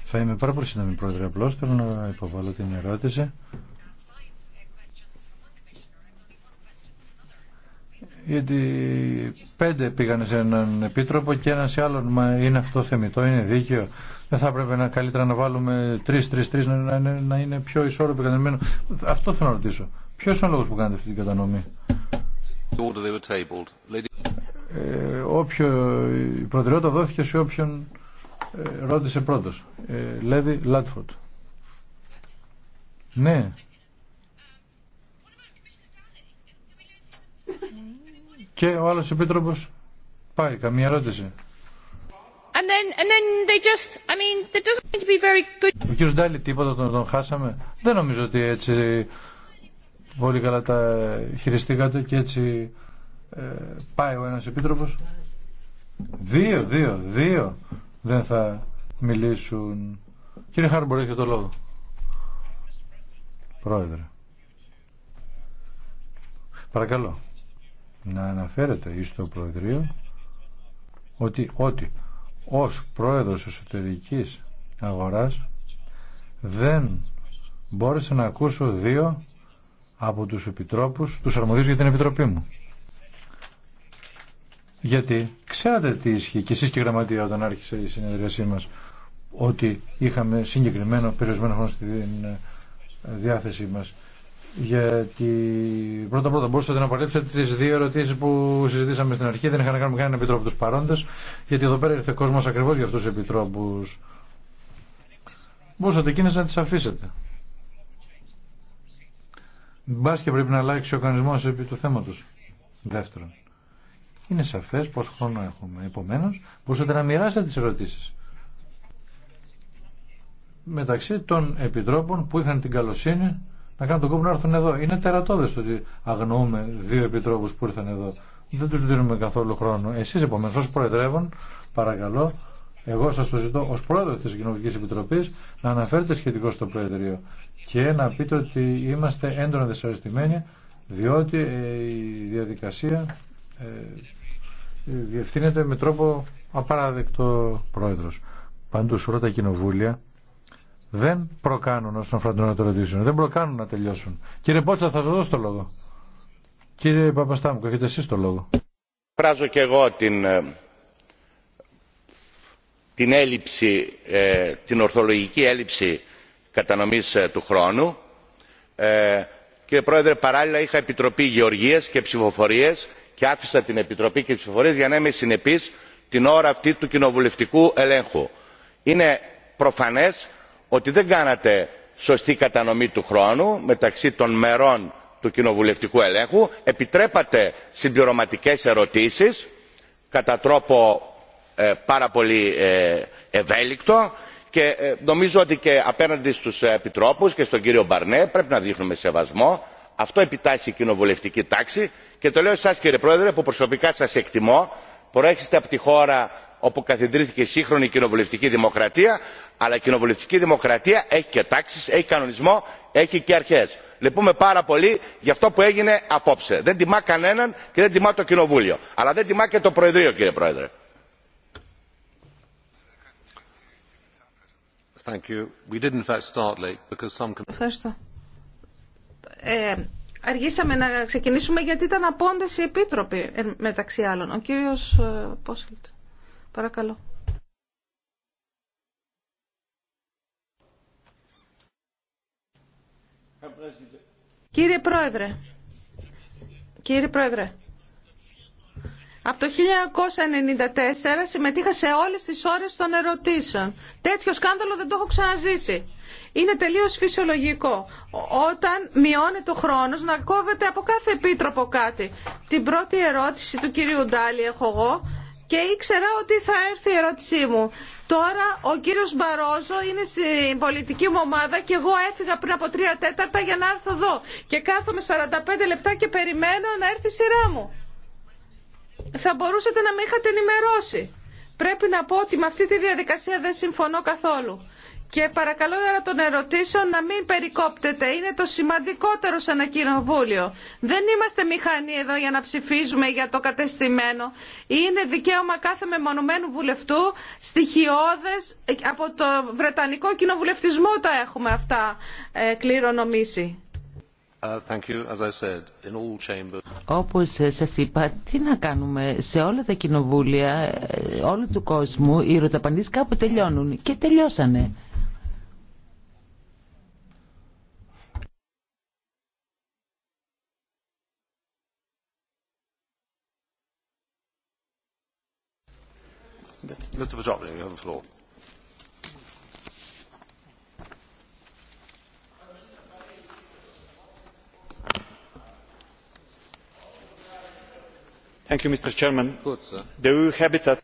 Θα είμαι πάρα πολύ σύντομη πρόεδρε. Απλώς θέλω να υποβάλω την ερώτηση. γιατί πέντε πήγαν σε έναν επίτροπο και ένα σε άλλον. Μα είναι αυτό θεμητό, είναι δίκαιο. Δεν θα έπρεπε να, καλύτερα να βαλουμε 3 3-3 τρει να, είναι, να είναι πιο ισόρροπη κατανοημένο. Αυτό θέλω να ρωτήσω. Ποιο είναι ο λόγο που κάνετε αυτή την κατανομή. Ε, όποιο, η προτεραιότητα δόθηκε σε όποιον ε, ρώτησε πρώτο. Ε, Λάτφορτ. Ναι. Και ο άλλος επίτροπος πάει, καμία ερώτηση. And then, and then Ο κύριος Ντάλι τίποτα τον, χάσαμε. Δεν νομίζω ότι έτσι πολύ καλά τα χειριστήκατε και έτσι ε, πάει ο ένας επίτροπος. Δύο, δύο, δύο δεν θα μιλήσουν. Κύριε Χάρμπορ, έχετε το λόγο. Πρόεδρε. Παρακαλώ να αναφέρετε εις το Προεδρείο ότι ό,τι ως πρόεδρος εσωτερικής αγοράς δεν μπόρεσα να ακούσω δύο από τους επιτρόπους, τους αρμοδίους για την επιτροπή μου. Γιατί ξέρετε τι ισχύει και εσείς και η γραμματεία όταν άρχισε η συνεδρίασή μας ότι είχαμε συγκεκριμένο περιορισμένο χρόνο στη ε, διάθεσή μας γιατί πρώτα πρώτα μπορούσατε να παρέψετε τι δύο ερωτήσει που συζητήσαμε στην αρχή. Δεν είχαν να κάνουμε κανέναν επιτρόπου του παρόντε, γιατί εδώ πέρα ήρθε κόσμο ακριβώ για αυτού του επιτρόπου. Μπορούσατε εκείνε να τι αφήσετε. Μπα και πρέπει να αλλάξει ο οργανισμό επί του θέματο. Δεύτερον, είναι σαφέ πόσο χρόνο έχουμε. Επομένω, μπορούσατε να μοιράσετε τι ερωτήσει μεταξύ των επιτρόπων που είχαν την καλοσύνη να κάνουν τον κόπο να έρθουν εδώ. Είναι τερατώδες ότι αγνοούμε δύο επιτρόπους που ήρθαν εδώ. Δεν τους δίνουμε καθόλου χρόνο. Εσείς επομένως ως Προεδρεύων, παρακαλώ, εγώ σας το ζητώ ως πρόεδρος της Κοινοβουλικής Επιτροπής να αναφέρετε σχετικό στο Προεδρείο και να πείτε ότι είμαστε έντονα δυσαρεστημένοι διότι ε, η διαδικασία ε, διευθύνεται με τρόπο απαράδεκτο πρόεδρος. Πάντως όλα τα κοινοβούλια δεν προκάνουν όσον αφορά να το ρωτήσουν. Δεν προκάνουν να τελειώσουν. Κύριε Πότστα θα σα δώσω το λόγο. Κύριε Παπαστάμκο, έχετε εσεί το λόγο. Πράζω και εγώ την, ε, την έλλειψη, ε, την ορθολογική έλλειψη κατανομής ε, του χρόνου. Ε, κύριε Πρόεδρε, παράλληλα είχα Επιτροπή Γεωργίας και ψηφοφορίες και άφησα την Επιτροπή και ψηφοφορίες για να είμαι συνεπής την ώρα αυτή του κοινοβουλευτικού ελέγχου. Είναι προφανές ότι δεν κάνατε σωστή κατανομή του χρόνου μεταξύ των μερών του κοινοβουλευτικού ελέγχου επιτρέπατε συμπληρωματικές ερωτήσεις κατά τρόπο ε, πάρα πολύ ε, ευέλικτο και ε, νομίζω ότι και απέναντι στους επιτρόπους και στον κύριο Μπαρνέ πρέπει να δείχνουμε σεβασμό. Αυτό επιτάσσει η κοινοβουλευτική τάξη και το λέω εσάς κύριε Πρόεδρε που προσωπικά σας εκτιμώ προέρχεστε από τη χώρα όπου καθιδρύθηκε η σύγχρονη κοινοβουλευτική δημοκρατία αλλά η κοινοβουλευτική δημοκρατία έχει και τάξεις έχει κανονισμό έχει και αρχές. λυπούμε πάρα πολύ για αυτό που έγινε απόψε. δεν τιμά κανέναν και δεν τιμά το κοινοβούλιο αλλά δεν τιμά και το προεδρείο κύριε πρόεδρε. Ευχαριστώ. αργήσαμε να ξεκινήσουμε γιατί ήταν απόντες οι επίτροποι μεταξύ άλλων. Ο κύριος ε, Πόσελτ. Παρακαλώ. Κύριε Πρόεδρε, κύριε Πρόεδρε, από το 1994 συμμετείχα σε όλες τις ώρες των ερωτήσεων. Τέτοιο σκάνδαλο δεν το έχω ξαναζήσει. Είναι τελείως φυσιολογικό. Όταν μειώνεται ο χρόνος να κόβεται από κάθε επίτροπο κάτι. Την πρώτη ερώτηση του κυρίου Ντάλη έχω εγώ και ήξερα ότι θα έρθει η ερώτησή μου. Τώρα ο κύριος Μπαρόζο είναι στην πολιτική μου ομάδα και εγώ έφυγα πριν από τρία τέταρτα για να έρθω εδώ. Και κάθομαι 45 λεπτά και περιμένω να έρθει η σειρά μου. Θα μπορούσατε να με είχατε ενημερώσει. Πρέπει να πω ότι με αυτή τη διαδικασία δεν συμφωνώ καθόλου. Και παρακαλώ για τον ερωτήσω να μην περικόπτεται. Είναι το σημαντικότερο σαν ένα κοινοβούλιο. Δεν είμαστε μηχανή εδώ για να ψηφίζουμε για το κατεστημένο. Είναι δικαίωμα κάθε μεμονωμένου βουλευτού, στοιχειώδες, από το Βρετανικό κοινοβουλευτισμό τα έχουμε αυτά ε, κληρονομήσει. Όπως σας είπα, τι να κάνουμε σε όλα τα κοινοβούλια ε, όλου του κόσμου οι ρωταπαντήσεις κάπου τελειώνουν και τελειώσανε.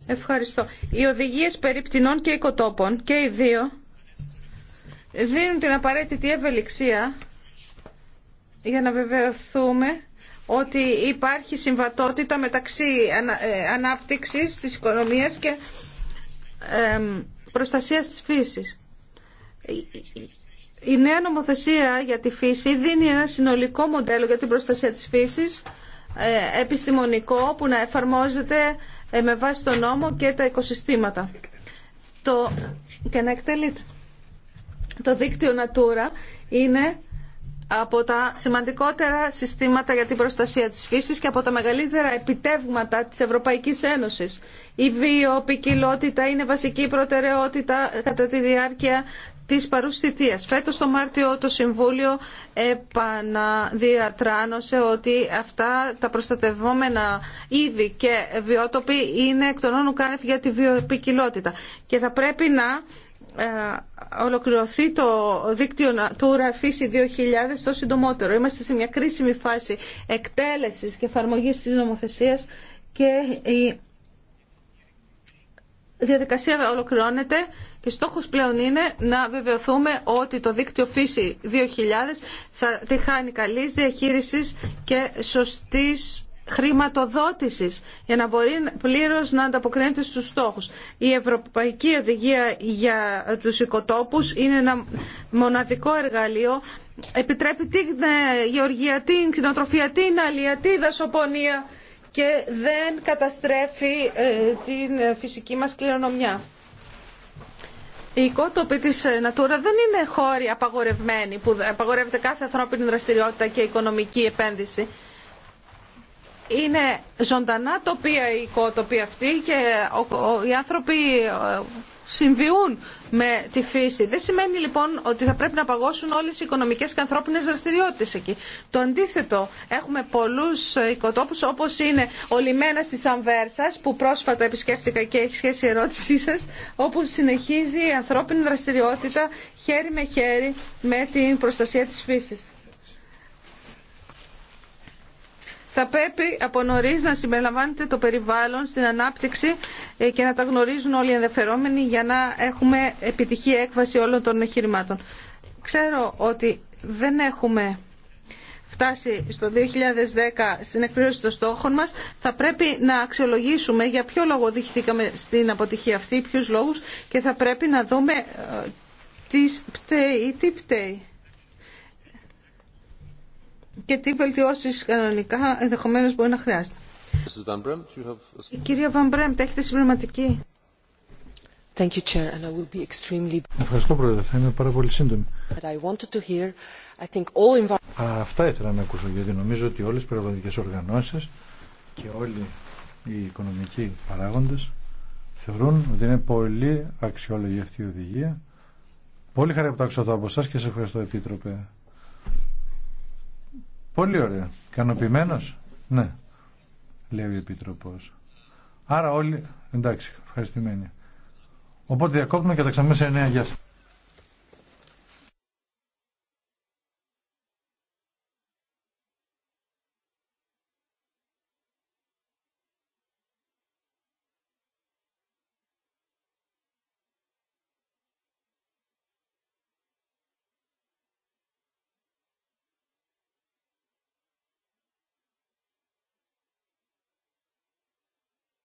Ευχαριστώ. Οι Οδηγίε περί και οικοτόπων και οι δύο δίνουν την απαραίτητη ευελιξία για να βεβαιωθούμε ότι υπάρχει συμβατότητα μεταξύ ε, ανάπτυξης της οικονομίας και προστασίας της φύσης. Η νέα νομοθεσία για τη φύση δίνει ένα συνολικό μοντέλο για την προστασία της φύσης ε, επιστημονικό που να εφαρμόζεται ε, με βάση τον νόμο και τα οικοσυστήματα. Το... Και Το δίκτυο Natura είναι από τα σημαντικότερα συστήματα για την προστασία της φύσης και από τα μεγαλύτερα επιτεύγματα της Ευρωπαϊκής Ένωσης. Η βιοποικιλότητα είναι βασική προτεραιότητα κατά τη διάρκεια της θητείας. Φέτος το Μάρτιο το Συμβούλιο επαναδιατράνωσε ότι αυτά τα προστατευόμενα είδη και βιότοποι είναι εκ των όνων για τη βιοπικιλότητα και θα πρέπει να ε, ολοκληρωθεί το δίκτυο Natura Φύση 2000 το συντομότερο. Είμαστε σε μια κρίσιμη φάση εκτέλεσης και εφαρμογής της νομοθεσίας και η διαδικασία ολοκληρώνεται και στόχος πλέον είναι να βεβαιωθούμε ότι το δίκτυο Φύση 2000 θα τη χάνει καλής διαχείρισης και σωστής χρηματοδότησης για να μπορεί πλήρως να ανταποκρίνεται στους στόχους. Η Ευρωπαϊκή Οδηγία για τους οικοτόπους είναι ένα μοναδικό εργαλείο. Επιτρέπει την ε, γεωργία, την κτηνοτροφία, την αλία, τη δασοπονία και δεν καταστρέφει ε, την φυσική μας κληρονομιά. Οι οικότοποι τη Νατούρα ε, δεν είναι χώροι απαγορευμένοι που απαγορεύεται κάθε ανθρώπινη δραστηριότητα και οικονομική επένδυση είναι ζωντανά τοπία η οικοτοπία αυτή και οι άνθρωποι ε, συμβιούν με τη φύση. Δεν σημαίνει λοιπόν ότι θα πρέπει να παγώσουν όλες οι οικονομικές και ανθρώπινες δραστηριότητες εκεί. Το αντίθετο, έχουμε πολλούς ε, οικοτόπους όπως είναι ο Λιμένας της Αμβέρσας που πρόσφατα επισκέφτηκα και έχει σχέση η ερώτησή σας όπου συνεχίζει η ανθρώπινη δραστηριότητα χέρι με χέρι με την προστασία της φύσης. θα πρέπει από νωρί να συμπεριλαμβάνεται το περιβάλλον στην ανάπτυξη ε, και να τα γνωρίζουν όλοι οι ενδεφερόμενοι για να έχουμε επιτυχή έκβαση όλων των εγχειρημάτων. Ξέρω ότι δεν έχουμε φτάσει στο 2010 στην εκπλήρωση των στόχων μας, θα πρέπει να αξιολογήσουμε για ποιο λόγο δείχθηκαμε στην αποτυχία αυτή, ποιους λόγους και θα πρέπει να δούμε ε, τι πταίει ή τι πταίει και τι βελτιώσεις κανονικά ενδεχομένως μπορεί να χρειάζεται. Η κυρία τα έχετε συμπληρωματική. Ευχαριστώ, Πρόεδρε. Θα είμαι πάρα πολύ σύντομη. Αυτά ήθελα να ακούσω, γιατί νομίζω ότι όλες οι περιβαλλοντικές οργανώσεις και όλοι οι οικονομικοί παράγοντες θεωρούν ότι είναι πολύ αξιόλογη αυτή η οδηγία. Πολύ χαρά που τα άκουσα από εσά και σε ευχαριστώ, Επίτροπε. Πολύ ωραία. Κανοποιημένο, Ναι. Λέει ο Επίτροπος. Άρα όλοι εντάξει. Ευχαριστημένοι. Οπότε διακόπτουμε και τα σε εννέα. Γεια σας.